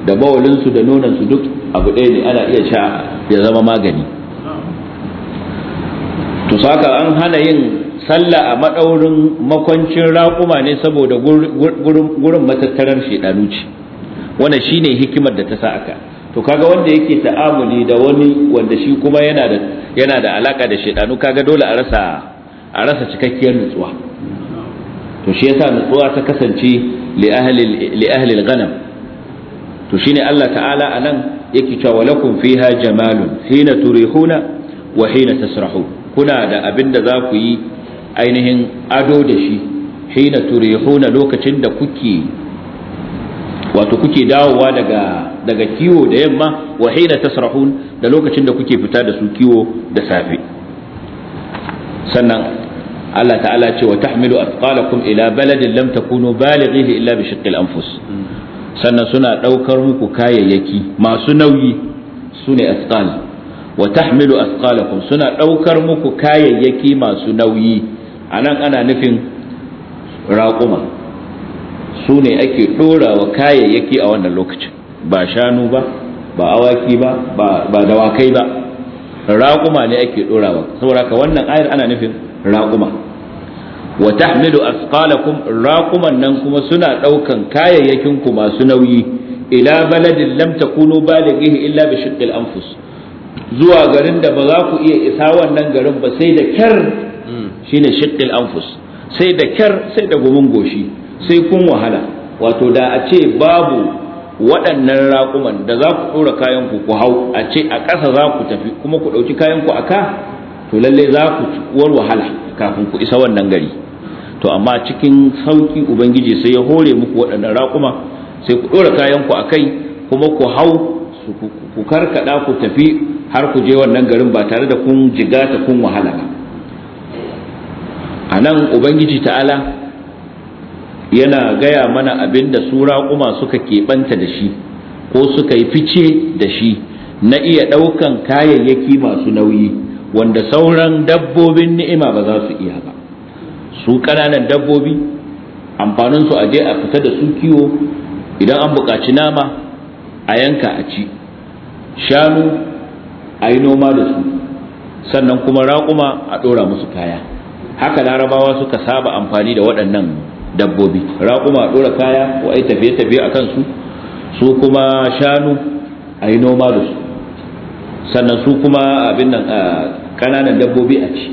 da bawalin da nunansu duk abu ɗaya ne ana iya sha ya zama magani to saka an hana yin sallah a madaurin makwancin raƙuma ne saboda gurin matattarar shaidanu ce wannan shine hikimar da ta sa aka to kaga wanda yake ta'amuli da wani wanda shi kuma yana da yana da alaka da shaidanu kaga dole a rasa cikakkiyar nutsuwa to shi yasa nutsuwa ta kasance li ahli al-ghanam to shine Allah ta'ala anan yake cewa walakum fiha jamalun hina turihuna wa hina tasrahu. kuna da abin da za ku yi ainihin ado da shi hina turihuna lokacin da kuke wato kuke dawowa daga daga kiwo da yamma wa hina tasrahun da lokacin da kuke fita da su kiwo da safe sannan Allah ta'ala ce wa tahmilu athqalakum ila baladin lam takunu balighihi illa bi shiqqil anfus sannan suna daukar muku kayayyaki masu nauyi sune athqal wa tahmilu athqalakum suna daukar muku kayayyaki masu nauyi anan ana nufin raƙuma su ne ake ɗora wa kayayyaki a wannan lokacin ba shanu ba ba awaki ba ba dawakai ba raƙuma ne ake ɗorawa saboda haka wannan ayar ana nufin raƙuma wa tahmilu asqalakum raquman nan kuma suna daukan kayayyakin ku masu nauyi ila baladin lam takunu balighihi illa bi shiqqil anfus zuwa garin da ba za ku iya isa wannan garin ba sai da kyar hmm. shine shiqqil anfus sai da kyar sai da gumin goshi sai kun wahala wato da a ce babu waɗannan raƙuman da za ku ɗora kayan ku ku hau a ce a ƙasa za ku tafi kuma ku ɗauki kayan ku a ka to lallai za ku war wahala kafin ku isa wannan gari to amma cikin sauki ubangiji sai ya hore muku waɗannan raƙuma sai ku ɗora kayanku a kai kuma ku hau ku karkaɗa ku tafi har ku je wannan garin ba tare da kun jigata kun wahala ba a nan ubangiji ta'ala yana gaya mana abin da su raƙuma suka keɓanta da shi ko suka yi fice da shi na iya ɗaukan kayayyaki masu nauyi wanda sauran dabbobin ni'ima ba za su iya ba su ƙananan dabbobi amfaninsu a je a fita da su kiwo idan an buƙaci nama a yanka a ci shanu a yi noma da su sannan kuma raƙuma a ɗora musu kaya haka larabawa suka saba amfani da waɗannan dabbobi raƙuma a ɗora kaya ko a yi tafiye-tafiye a kansu su kuma shanu a yi noma da su sannan su kuma abin nan ƙananan dabbobi a ci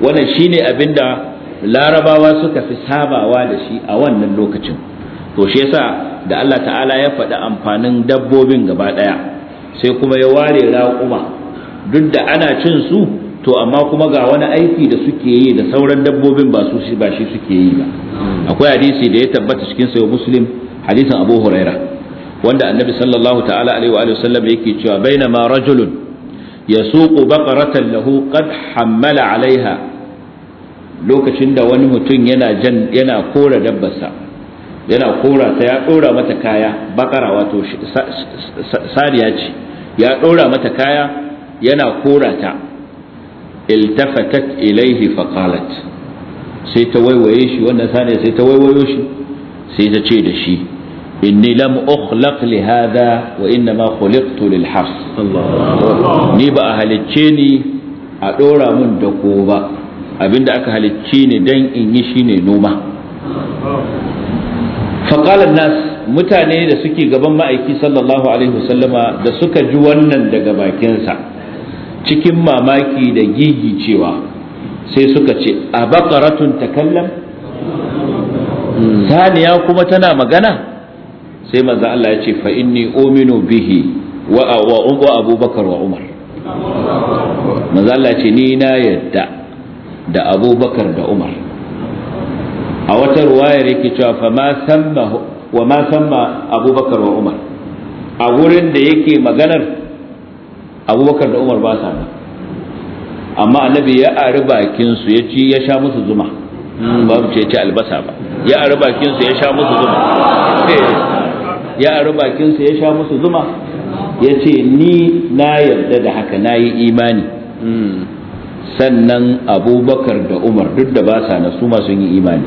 wannan shine abin da larabawa suka fi sabawa da shi a wannan lokacin to shi yasa da Allah ta'ala ya faɗi amfanin dabbobin gaba ɗaya sai kuma ya ware raƙuma duk da ana cin su to amma kuma ga wani aiki da suke yi da sauran dabbobin ba su ba shi suke yi ba akwai hadisi da ya tabbata cikin sayo muslim hadisin abu huraira wanda annabi sallallahu ta'ala alaihi wa sallam yake cewa bainama rajulun yasuqu baqaratan lahu qad hammala alaiha lokacin da wani mutum yana jan yana kora dabbarsa yana kora ta ya dora mata kaya bakara wato sariya ce ya dora mata kaya yana kora ta iltafatat ilaihi faqalat sai ta waiwaye shi wannan saniya sai ta waiwayo shi sai ta ce da shi inni lam ukhlaq li hadha wa inna ma khuliqtu lil harf ni ba a halicce ni a dora mun da ko ba abinda aka halicci ne dan in yi shine noma faƙalar nas mutane da suke gaban ma'aiki sallallahu alaihi wasallama da suka ji wannan daga bakinsa cikin mamaki da gigi cewa sai suka ce a baƙaratun takallam saniya kuma tana magana sai manzo Allah ya ce fa inni uminu bihi wa abubakar wa umar manzo Allah ce ni na yadda da abubakar da umar a wata ruwayar yake cewa fa ma samma wa ma samma abubakar wa umar a wurin da yake maganar abubakar da umar ba sa nan amma annabi ya ari bakin su ya ci ya sha musu zuma babu ce ci albasa ba ya ari bakin su ya sha musu zuma ya ari bakin su ya sha musu zuma ya ce ni na yarda da haka na yi imani hmm. sannan abubakar da umar duk da ba sa na su ma yi imani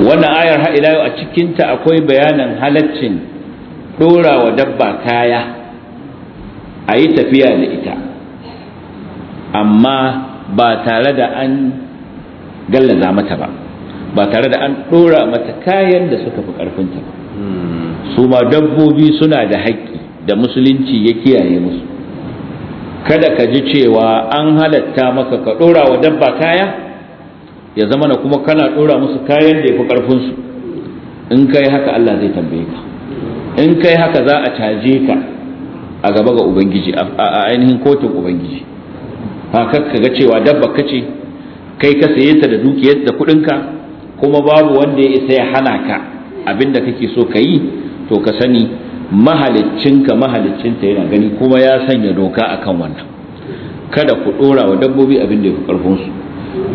wannan ayar ha'ila a cikinta akwai bayanin halaccin ɗora wa dabba kaya a yi tafiya da ita amma ba tare da an gallaza mata ba ba tare da an ɗora mata kayan da suka fi ƙarfinta ba hmm. su ma dabbobi suna da haƙƙi da musulunci ya kiyaye musu kada ka ji cewa an halatta maka ka ɗora wa dabba kaya ya zama na kuma kana ɗora musu kayan da ya fi ƙarfinsu in kai haka Allah zai tambaye ka in kai haka za a caje ka a gaba ga ubangiji a ainihin kotun ubangiji haka ka ga cewa dabba ka ce kai ka saye ta da dukiyar da kuɗinka kuma babu wanda ya isa ya hana ka abinda kake so ka yi to ka sani mahaliccinka mahaliccinta yana gani kuma ya sanya doka akan wannan kada ku dora wa dabbobi abin da ya fi karfin su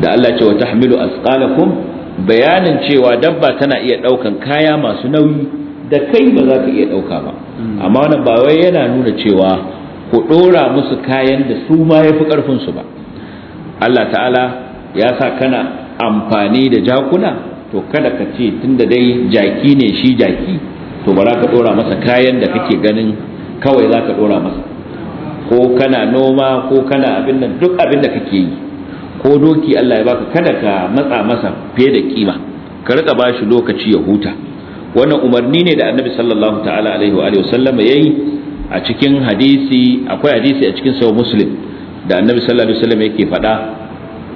da Allah ce wa tahmilu asqalakum bayanin cewa dabba tana iya daukan kaya masu nauyi da kai ba za ka iya dauka ba amma wannan ba wai yana nuna cewa ku dora musu kayan da su ma yafi karfin su ba Allah ta'ala ya sa kana amfani da jakuna to kada ka ce tunda dai jaki ne shi jaki to bara ka dora masa kayan da kake ganin kawai za ka dora masa ko kana noma ko kana abin nan duk abin da kake yi ko doki Allah ya baka kada ka matsa masa fiye da kima ka rika bashi lokaci ya huta wannan umarni ne da annabi sallallahu ta'ala alaihi wa sallama yayi a cikin hadisi akwai hadisi a cikin sahih muslim da annabi sallallahu alaihi wasallam yake faɗa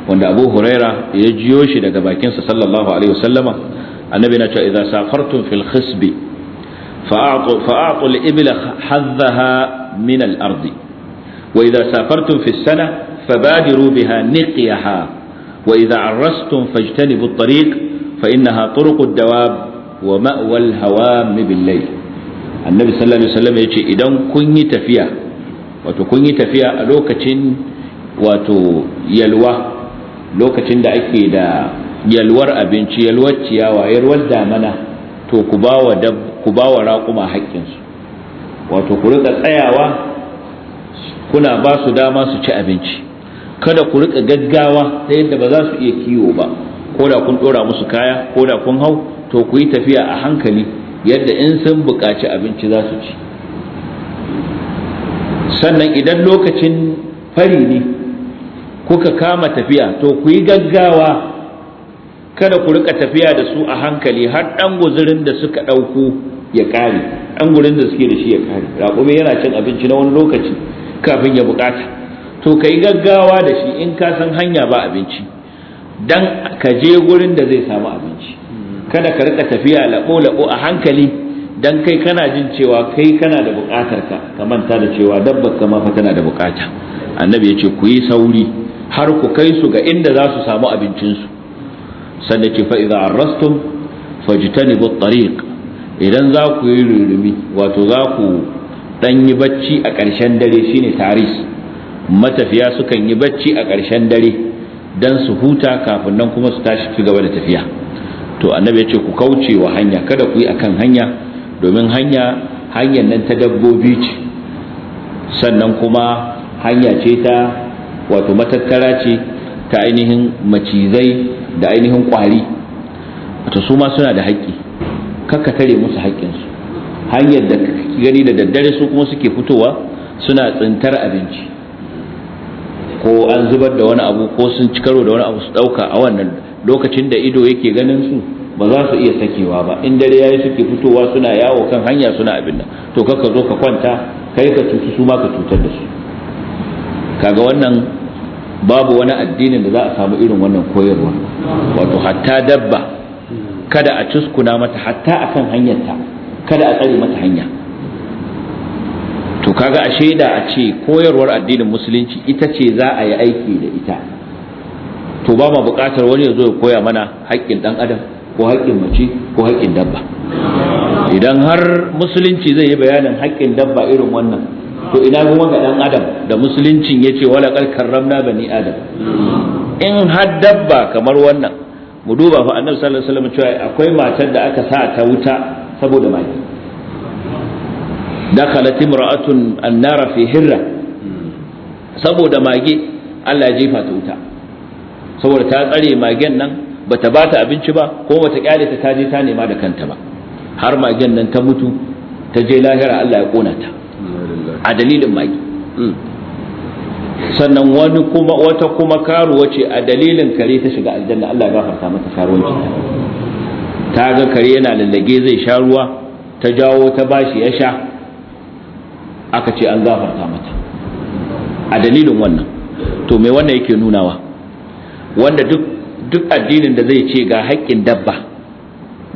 wanda abu huraira ya jiyo shi daga bakinsa sallallahu alaihi wasallama annabi na ce idza safartum fil khisbi فأعطوا, فأعطوا الإبل حظها من الأرض وإذا سافرتم في السنة فبادروا بها نقيها وإذا عرستم فاجتنبوا الطريق فإنها طرق الدواب ومأوى الهوام بالليل النبي صلى الله عليه وسلم يقول إذا كن تفيا wato تفيا لوكة وتيلوى لوكة lokacin wato يلور lokacin يلوى ake da yalwar abinci yalwar ku ba wa raƙuma haƙƙinsu wato ku riƙa tsayawa kuna ba su dama su ci abinci kada ku riƙa gaggawa ta yadda ba za su iya kiwo ba ko da kun ɗora musu kaya ko da kun hau to ku yi tafiya a hankali yadda in sun buƙaci abinci za su ci sannan idan lokacin fari ne kuka kama tafiya to ku yi gaggawa kada ku riƙa tafiya da su a hankali har ɗan guzurin da suka ɗauko ya kare an gurin da suke da shi ya kare raƙumi yana cin abinci na wani lokaci kafin ya bukata to ka yi gaggawa da shi in ka san hanya ba abinci dan ka je gurin da zai samu abinci kada ka rika tafiya labo-labo a hankali dan kai kana jin cewa kai kana da bukatar ka ka manta da cewa dabbar ka ma fa tana da bukata annabi ya ce ku yi sauri har ku kai su ga inda za su samu abincinsu sannan ce fa'iza arrastum fajitani tariq idan za ku yi rurumi wato za ku dan yi bacci a ƙarshen dare shine taris matafiya sukan yi bacci a ƙarshen dare dan su huta kafin nan kuma su tashi ci gaba da tafiya to annabi ya ce ku kauce wa hanya kada ku yi akan hanya domin hanya hanyar nan ta dabbobi ce sannan kuma hanya ce ta wato matattara ce ta ainihin macizai da ainihin kwari wato su ma suna da haƙƙi kakka tare musu su hanyar da gani da daddare su kuma suke fitowa suna tsintar abinci ko an zubar da wani abu ko sun ci karo da wani abu su ɗauka a wannan lokacin da ido yake ganin su ba za su iya sakewa ba in dare yayi suke fitowa suna yawo kan hanya suna abin nan to kakka zo ka kwanta kai ka cutu su ma ka cutar da su kaga wannan babu wani addinin da za a samu irin wannan koyarwa wato hatta dabba kada a cuskuna mata hatta akan hanyarta kada a tsare mata hanya to kaga a shaida a ce koyarwar addinin musulunci ita ce za a yi aiki da ita to ba ma buƙatar wani ya zo ya koya mana haƙƙin ɗan adam ko haƙƙin mace ko haƙƙin dabba idan har musulunci zai yi bayanin haƙƙin dabba irin wannan to ina kuma ga ɗan adam da musuluncin ya ce wala karramna bani adam in har dabba kamar wannan mu duba fa annabi sallallahu alaihi wasallam cewa akwai matar da aka sa ta wuta saboda magi dakhalat imra'atun annara fi hirra saboda mage Allah ya jefa ta wuta saboda ta tsare magen nan bata bata abinci ba ko bata kyale ta taje ta nema da kanta ba har magen nan ta mutu ta je lahira Allah ya kona ta a dalilin magi hmm. sannan wani kuma wata kuma karuwa ce a dalilin kare ta shiga aljanna Allah ya gafarta mata karuwar ta ga kare yana lallage zai sha ruwa ta jawo ta bashi ya sha aka ce an gafarta mata a dalilin wannan to me wannan yake nunawa wanda duk duk addinin da zai ce ga haƙƙin dabba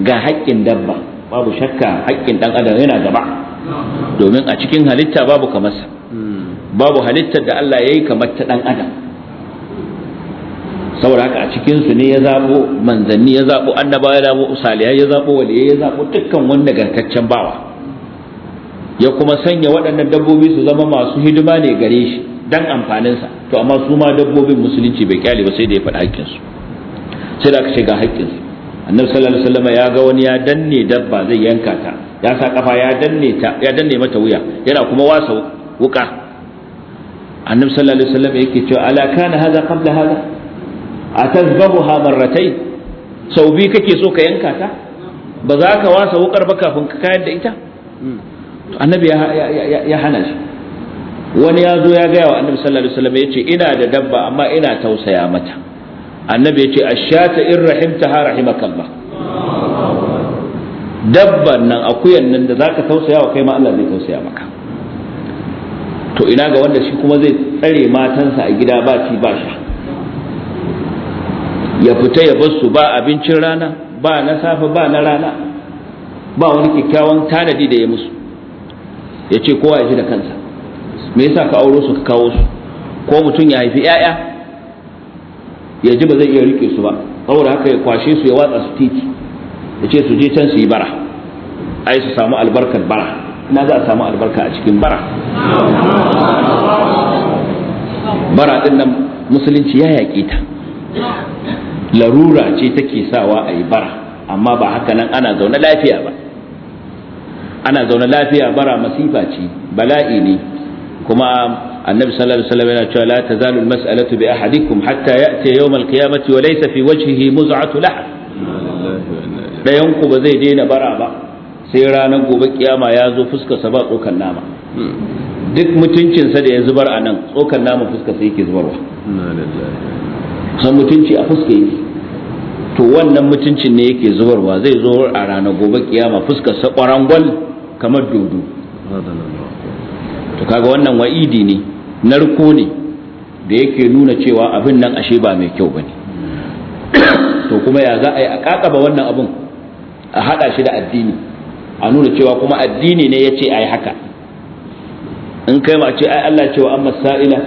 ga haƙƙin dabba babu shakka haƙƙin dan adam yana gaba domin a cikin halitta babu kamarsa babu halittar da Allah yayi kamar ta dan adam saboda haka a cikin su ne ya zabo manzanni ya zabo annaba ya zabo Usaliya ya zabo waliyai ya zabo dukkan wanda gartaccen bawa ya kuma sanya waɗannan dabbobi su zama masu hidima ne gare shi dan amfanin sa to amma su ma dabbobin musulunci bai kyale ba sai da ya faɗi hakkin su sai da aka ce ga hakkin su annabi sallallahu alaihi wasallam ya ga wani ya danne dabba zai yanka ta ya sa kafa ya danne ta ya danne mata wuya yana kuma wasa wuka annabi sallallahu alaihi wasallam yake cewa ala kana hadha qabla hadha atazbahuha marratayn sau biyu kake so ka yanka ta ba za ka wasa wukar ba kafin ka kayar da ita annabi ya hana shi wani ya zo ya gaya wa annabi sallallahu alaihi wasallam yace ina da dabba amma ina tausaya mata annabi yace ashata in rahimtaha rahimakallah dabban nan akuyan nan da zaka tausaya wa kai ma Allah zai tausaya maka to ina ga wanda shi kuma zai tsare matansa a gida ba ci ba sha ya fita ya bar su ba abincin rana ba na safe ba na rana ba wani kyakkyawan tanadi da ya musu ya ce kowa ya ji da kansa me yasa ka auro su ka kawo su ko mutum ya haifi 'ya'ya ya ji ba zai iya rike su ba saboda haka ya kwashe su ya watsa su titi ya ce su je can su yi bara ai su samu albarkar bara na za a samu albarka a cikin bara bara din nan musulunci ya yaƙe ta larura ce take sawa a yi bara amma ba haka nan ana zaune lafiya ba ana zaune lafiya bara masifa ce bala'i ne kuma annabi sallallahu alaihi wasallam yana cewa la tazalu almas'alatu bi ahadikum hatta ya'ti yawm alqiyamati wa laysa fi wajhihi muz'atu lah dayan ku ba zai daina bara ba sai ranar gobe kiyama ya zo fuskar sa ba tsokan nama duk mutuncinsa da ya zubar a nan tsokan namu fuska sai yake zubarwa san mutunci a fuska yake to wannan mutuncin ne yake zubarwa zai zo a ranar gobe kiyama fuska sa kwarangwal kamar dodo to kaga wannan wa'idi ne narko ne da yake nuna cewa abin nan ashe ba mai kyau bane to kuma ya za a yi a kakaba wannan abin a hada shi da addini a nuna cewa kuma addini ne ya ce a yi haka in kai ma a ce ai Allah wa amma sa'ila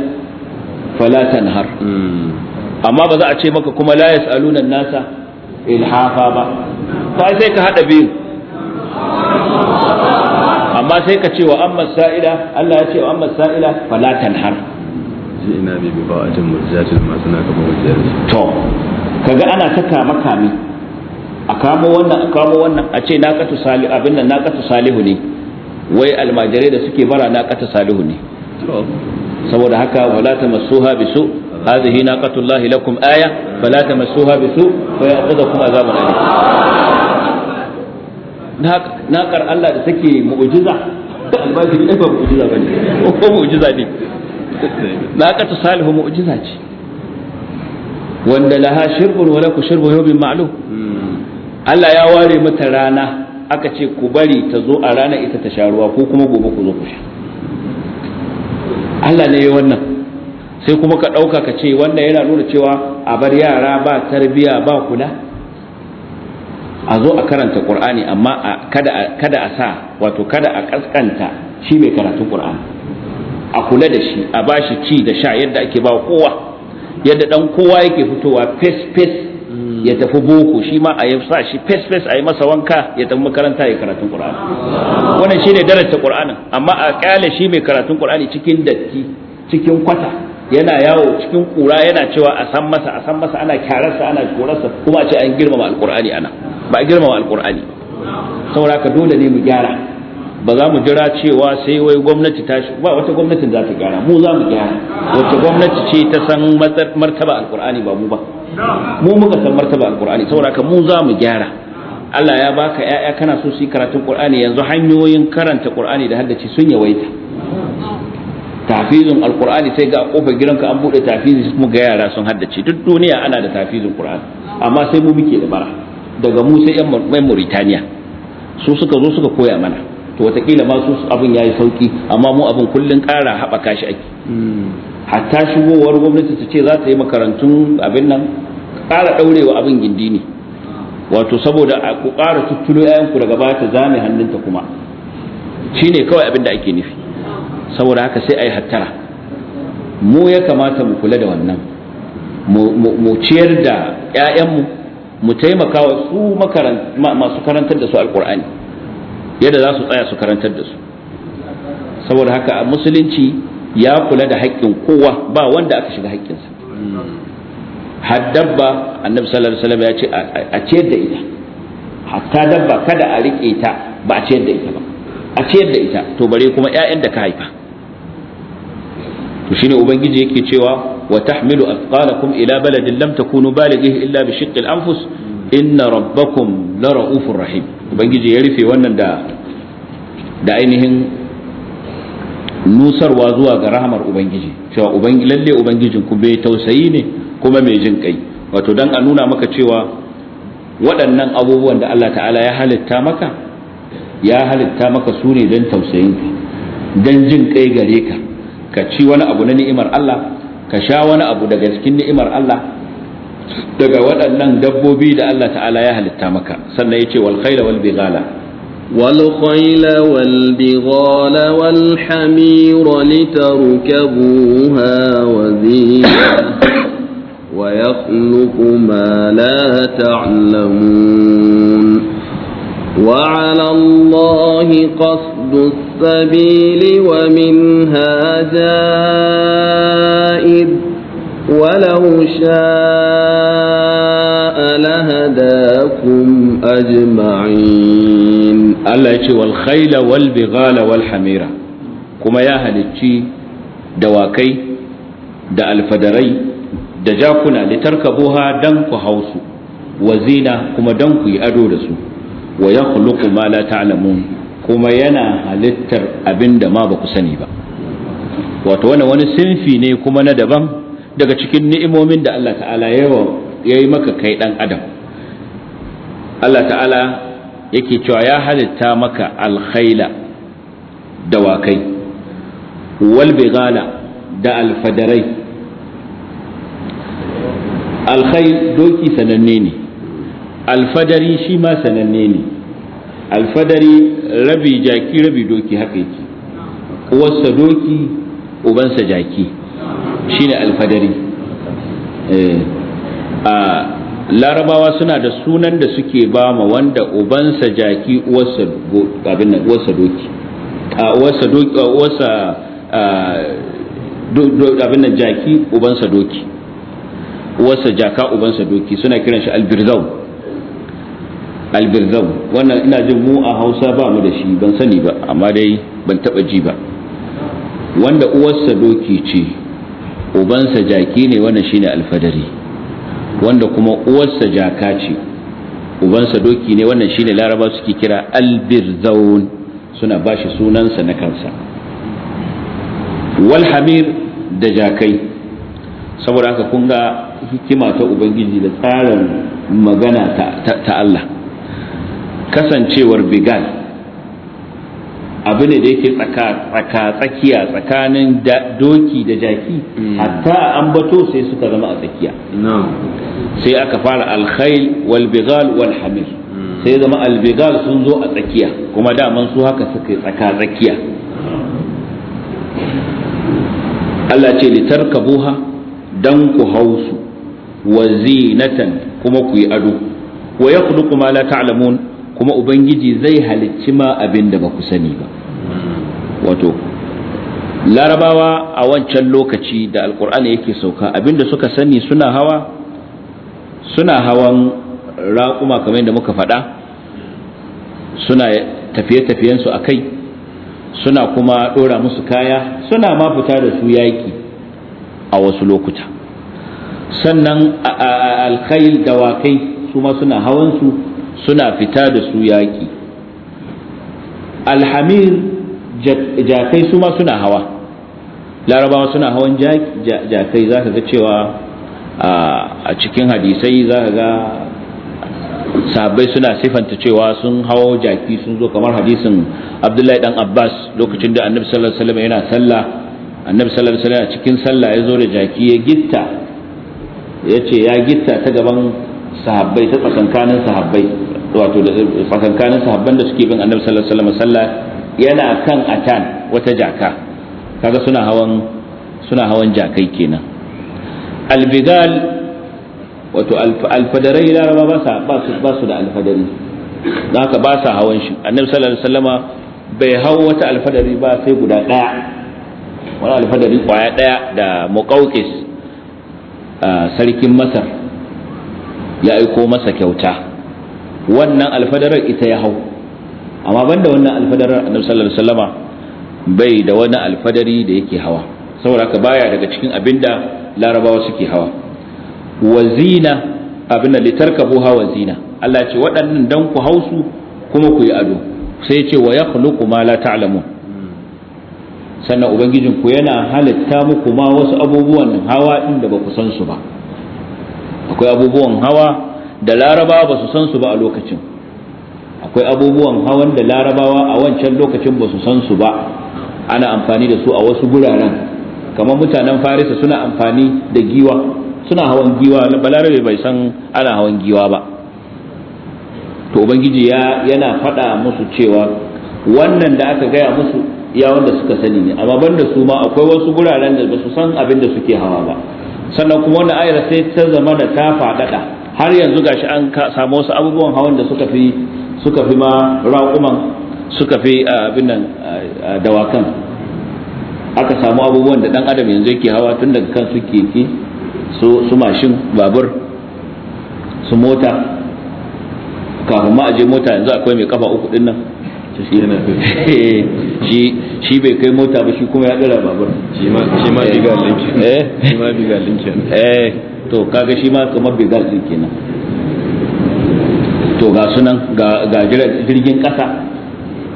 fala tanhar amma ba za a ce maka kuma la yas'aluna nasa ilhafa ba fa sai ka hada biyu amma sai ka ce wa amma sa'ila Allah ya ce wa amma sa'ila fala tanhar ina bi ba'atin murjatil masana kamar wajen to kaga ana saka kama kame a kamo wannan a kamo wannan a ce na katu salihu abin nan na katu salihu ne wai almajirai da suke bara naqata salihu ne saboda haka wala ta tamassuha bisu hadhihi naqatullahi lakum aya fala tamassuha bisu fa ya'khudhukum azabun alim naqar Allah da take mu'jiza almajiri ne ba mu'jiza bane ko mu'jiza ne naqatu salihu mu'jiza ce wanda laha shirbun wala ku shirbu yawmin ma'lum hmm. Allah ya ware mata rana aka ce ku bari ta zo a rana ita ta sharuwa ko kuma gobe ku zo ku sha Allah ne ya wannan sai kuma ka ɗauka ka ce wannan yana nuna cewa a bar yara ba tarbiya ba kula a zo a karanta ƙur'ani amma kada a sa wato kada a ƙasƙanta shi mai karatu ƙur'ani a kula da shi a bashi ci da sha yadda ake ba kowa yadda ɗan kowa yake fitowa face face ya tafi boko shi ma a yi sa shi fes fes a yi masa wanka ya tafi makaranta ya karatun ƙura'ani wannan shi ne darasta ƙura'ani amma a ƙyale shi mai karatun ƙura'ani cikin datti cikin kwata yana yawo cikin ƙura yana cewa a san masa a san masa ana kyararsa ana korarsa kuma a ce an girmama alƙura'ani ana ba a girmama alƙura'ani saboda ka dole ne mu gyara ba za mu jira cewa sai wai gwamnati ta shi ba wata gwamnatin za ta gyara mu za mu gyara wata gwamnati ce ta san martaba alƙur'ani ba mu ba mu muka san martaba alqur'ani saboda ka mu za mu gyara Allah ya baka ya'ya kana so su yi karatun qur'ani yanzu hanyoyin karanta qur'ani da haddace sun yawaita tafizin alqur'ani sai ga kofar ka an bude tafizi mu ga yara sun haddace duk duniya ana da tafizin qur'ani amma sai mu muke da bara daga mu sai yan mai Mauritania su suka zo suka koya mana to watakila ma su abin yayi sauki amma mu abin kullun kara haɓaka shi ake hatta shigowar gwamnati ta ce za ta yi makarantun abin nan ƙara ɗaurewa abin gindi ne wato saboda a ku ƙara tuttulo yayanku daga baya ta zame hannunta kuma shine kawai abin da ake nufi saboda haka sai a yi hattara mu ya kamata mu kula da wannan mu ciyar da 'ya'yanmu mu taimaka wa su masu karantar da su alƙur'ani yadda za su tsaya su karantar da su saboda haka musulunci ya kula da haƙƙin kowa ba wanda aka shiga haƙƙinsa haddabba annabi sallallahu alaihi ya ce a ciyar da ita hatta dabba kada a riƙe ta ba a ciyar da ita ba a ciyar da ita to bare kuma ƴaƴan da ka haifa to shine ubangiji yake cewa wa tahmilu athqalakum ila baladin lam takunu balighihi illa bi shiqqi al-anfus inna rabbakum la rahim ubangiji ya rufe wannan da da ainihin nusarwa zuwa ga rahamar ubangiji cewa ubangiji lalle ubangijin ku bai tausayi ne kuma mai jin kai wato dan a nuna maka cewa waɗannan abubuwan da Allah ta'ala ya halitta maka ya halitta maka su ne don tausayin ka don jin kai gare ka ka ci wani abu na ni'imar Allah ka sha wani abu daga cikin ni'imar Allah daga waɗannan dabbobi da Allah ta'ala ya halitta maka sannan ya ce wal khayla wal bighala والخيل والبغال والحمير لتركبوها وزينة ويخلق ما لا تعلمون وعلى الله قصد السبيل ومنها جائر ولو شاء لهداكم أجمعين Allah ya ce wal khaila wal bighala wal hamira kuma ya halicci dawakai da alfadarai da jakuna litarkabuha dan ku hausu wa zina kuma dan ku yi ado da su wa yakhluqu ma la ta'lamun kuma yana halittar abin da ma ba ku sani ba wato wannan wani sinfi ne kuma na daban daga cikin ni'imomin da Allah ta'ala yawa yayi maka kai dan adam Allah ta'ala yake cewa ya halitta maka alkhaila dawakai wal bigala da alfadarai alkhail doki sananne ne alfadari shi ma sananne ne alfadari rabi jaki rabi doki haka yake uwarsa doki ubansa jaki shine alfadari eh, a larabawa suna da sunan da suke ba ma wanda ubansa jaki uwarsa abin nan uwarsa doki uwarsa doki uwarsa abin nan jaki ubansa doki uwarsa jaka ubansa doki suna kiran shi albirzau albirzau wannan ina jin mu a hausa ba mu da shi ban sani ba amma dai ban taba ji ba wanda uwarsa doki ce ubansa jaki ne wannan shine alfadari wanda kuma uwarsa jaka ce ubansa doki ne wannan shine laraba suke kira albirzaun suna ba bashi sunansa na kansa wal da jakai saboda haka kun ga hikima ta ubangiji da tsarin magana ta Allah kasancewar bigal abu ne da yake tsaka tsakiya tsakanin doki da jaki hmm. hatta bato sai suka zama a tsakiya sai aka fara alkhail wal bigal wal hmm. sai zama albigal sun zo a tsakiya kuma daman su haka suka yi tsaka tsakiya Allah ce litarkabuha dan ku hausu wa zinatan kuma ku yi ado wa yakhluqu ma la ta'lamun kuma ubangiji zai halicci ma abin da ba ku sani ba wato larabawa a wancan lokaci da alkur'ani yake sauka abin da suka sani suna hawa suna hawan raƙuma kamar yadda muka faɗa suna tafiye-tafiyensu a kai suna kuma ɗora musu kaya suna ma fita da su yaki a wasu lokuta sannan alkhail dawakai su ma suna hawansu suna fita da su yaƙi alhamir jakai su ma suna hawa larabawa suna hawan jakai za ka ga cewa a cikin hadisai za ka ga sahabbai suna sifanta cewa sun hawa jaki sun zo kamar hadisin abdullahi dan abbas lokacin da annabi sallallahu alaihi wasallam yana sallah annabi sallallahu alaihi wasallam cikin sallah ya zo da jaki ya gitta ya ce ya gitta ta gaban sahabbai ta tsakankanin sahabbai wato da tsakankanin sahabban da suke bin annabi sallallahu alaihi wasallam sallah yana kan atan wata jaka kaga suna hawan suna hawan jakai kenan albigal wato alfadarai laraba ba sa ba su ba su da alfadari don haka ba sa hawan shi annabi sallallahu alaihi wasallama bai hau wata alfadari ba sai guda daya wani alfadari kwaya daya da muqawqis ah, sarkin masar ya aiko masa kyauta wannan alfadarar ita ya hau amma banda wannan alfadarar annabi sallallahu alaihi wasallama bai da wani alfadari da yake hawa saboda haka baya daga cikin abinda larabawa suke hawa wazina abin da litarkabu hawa zina Allah ce waɗannan dan ku hausu kuma ku yi ado sai ce wa yakhluqu ma la ta'lamun sannan ubangijin ku yana halitta muku ma wasu abubuwan hawa inda ba ku san su ba akwai abubuwan hawa da laraba ba su san su ba a lokacin akwai abubuwan hawan da larabawa a wancan lokacin ba su san su ba ana amfani da su a wasu guraren kamar mutanen farisa suna amfani da giwa suna hawan giwa balarabe bai san ana hawan giwa ba to ubangiji ya yana faɗa musu cewa wannan da aka gaya musu ya wanda suka sani ne amma banda su ma akwai wasu guraren da ba su san abin da suke hawa ba sannan kuma wannan ayar sai ta zama da ta faɗaɗa har yanzu gashi an samu wasu abubuwan hawan da suka fi suka fi ma raƙuman suka fi ah, abin nan ah, ah, dawakan aka samu abubuwan da dan adam yanzu yake hawa tun daga kan su keke su mashin babur su mota kafin ma aje mota yanzu akwai mai kafa uku din nan shi bai kai mota ba shi kuma ya dira babur shi ma biga linki eh shi ma biga linki eh to kaga shi ma kamar bigal din kenan to ga sunan ga jirgin kasa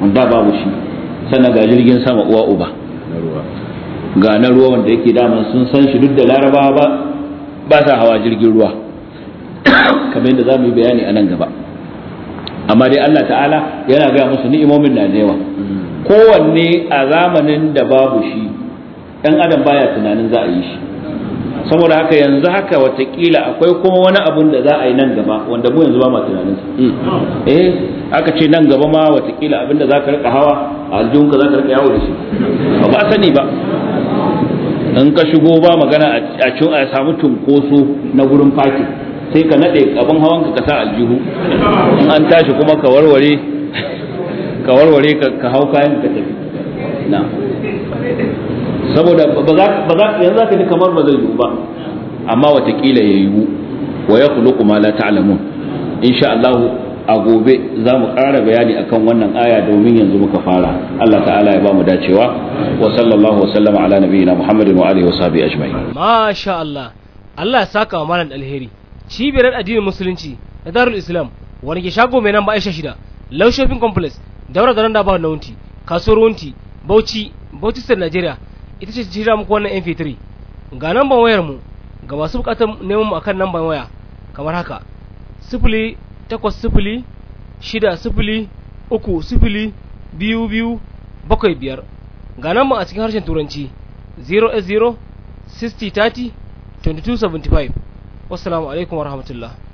wanda babu shi sannan ga jirgin sama uwa uba ga na ruwa wanda yake dama sun san shi duk da larabawa ba ba sa hawa jirgin ruwa kamar yadda za mu yi bayani a nan gaba amma dai Allah ta'ala yana gaya musu ni'imomin na yawa mm. kowanne a zamanin da babu shi ɗan adam baya tunanin za a yi shi saboda haka yanzu haka watakila akwai kuma wani abun da za a yi nan gaba wanda mu yanzu ba ma sa hmm. eh aka ce nan gaba ma watakila abin da za ka rika hawa a aljihunka za ka rika yawo da shi ba a sani ba in ka shigo ba magana a cikin a samu tunkoso na gurin fakin sai ka naɗe abin hawan ka sa aljihu in an tashi kuma ka warware ka warware ka hau kayan ka tafi na saboda ba za yanzu za ka ji kamar ba zai yiwu ba amma watakila ya yiwu wa ya khuluqu ma la ta'lamun insha Allah a gobe za mu ƙara bayani akan wannan aya domin yanzu muka fara Allah ta'ala ya ba mu dacewa wa sallallahu wa ala nabiyyina Muhammadin wa alihi wa sahbihi ajma'in masha Allah Allah ya saka wa malam alheri cibiyar addinin musulunci da darul islam wani ke shago mai nan ba aisha shida low shopping complex daura da nan da ba nauti kasuwar wunti bauchi bauchi da nigeria ita ce jira muku wannan mp3 ga namban wayar mu ga masu bukatar neman mu akan namban waya kamar haka sifili takwas sifili shida sifili uku sifili biyu biyu bakwai biyar ga namban a cikin harshen turanci 0 0 60 30 22 alaikum warahmatullahi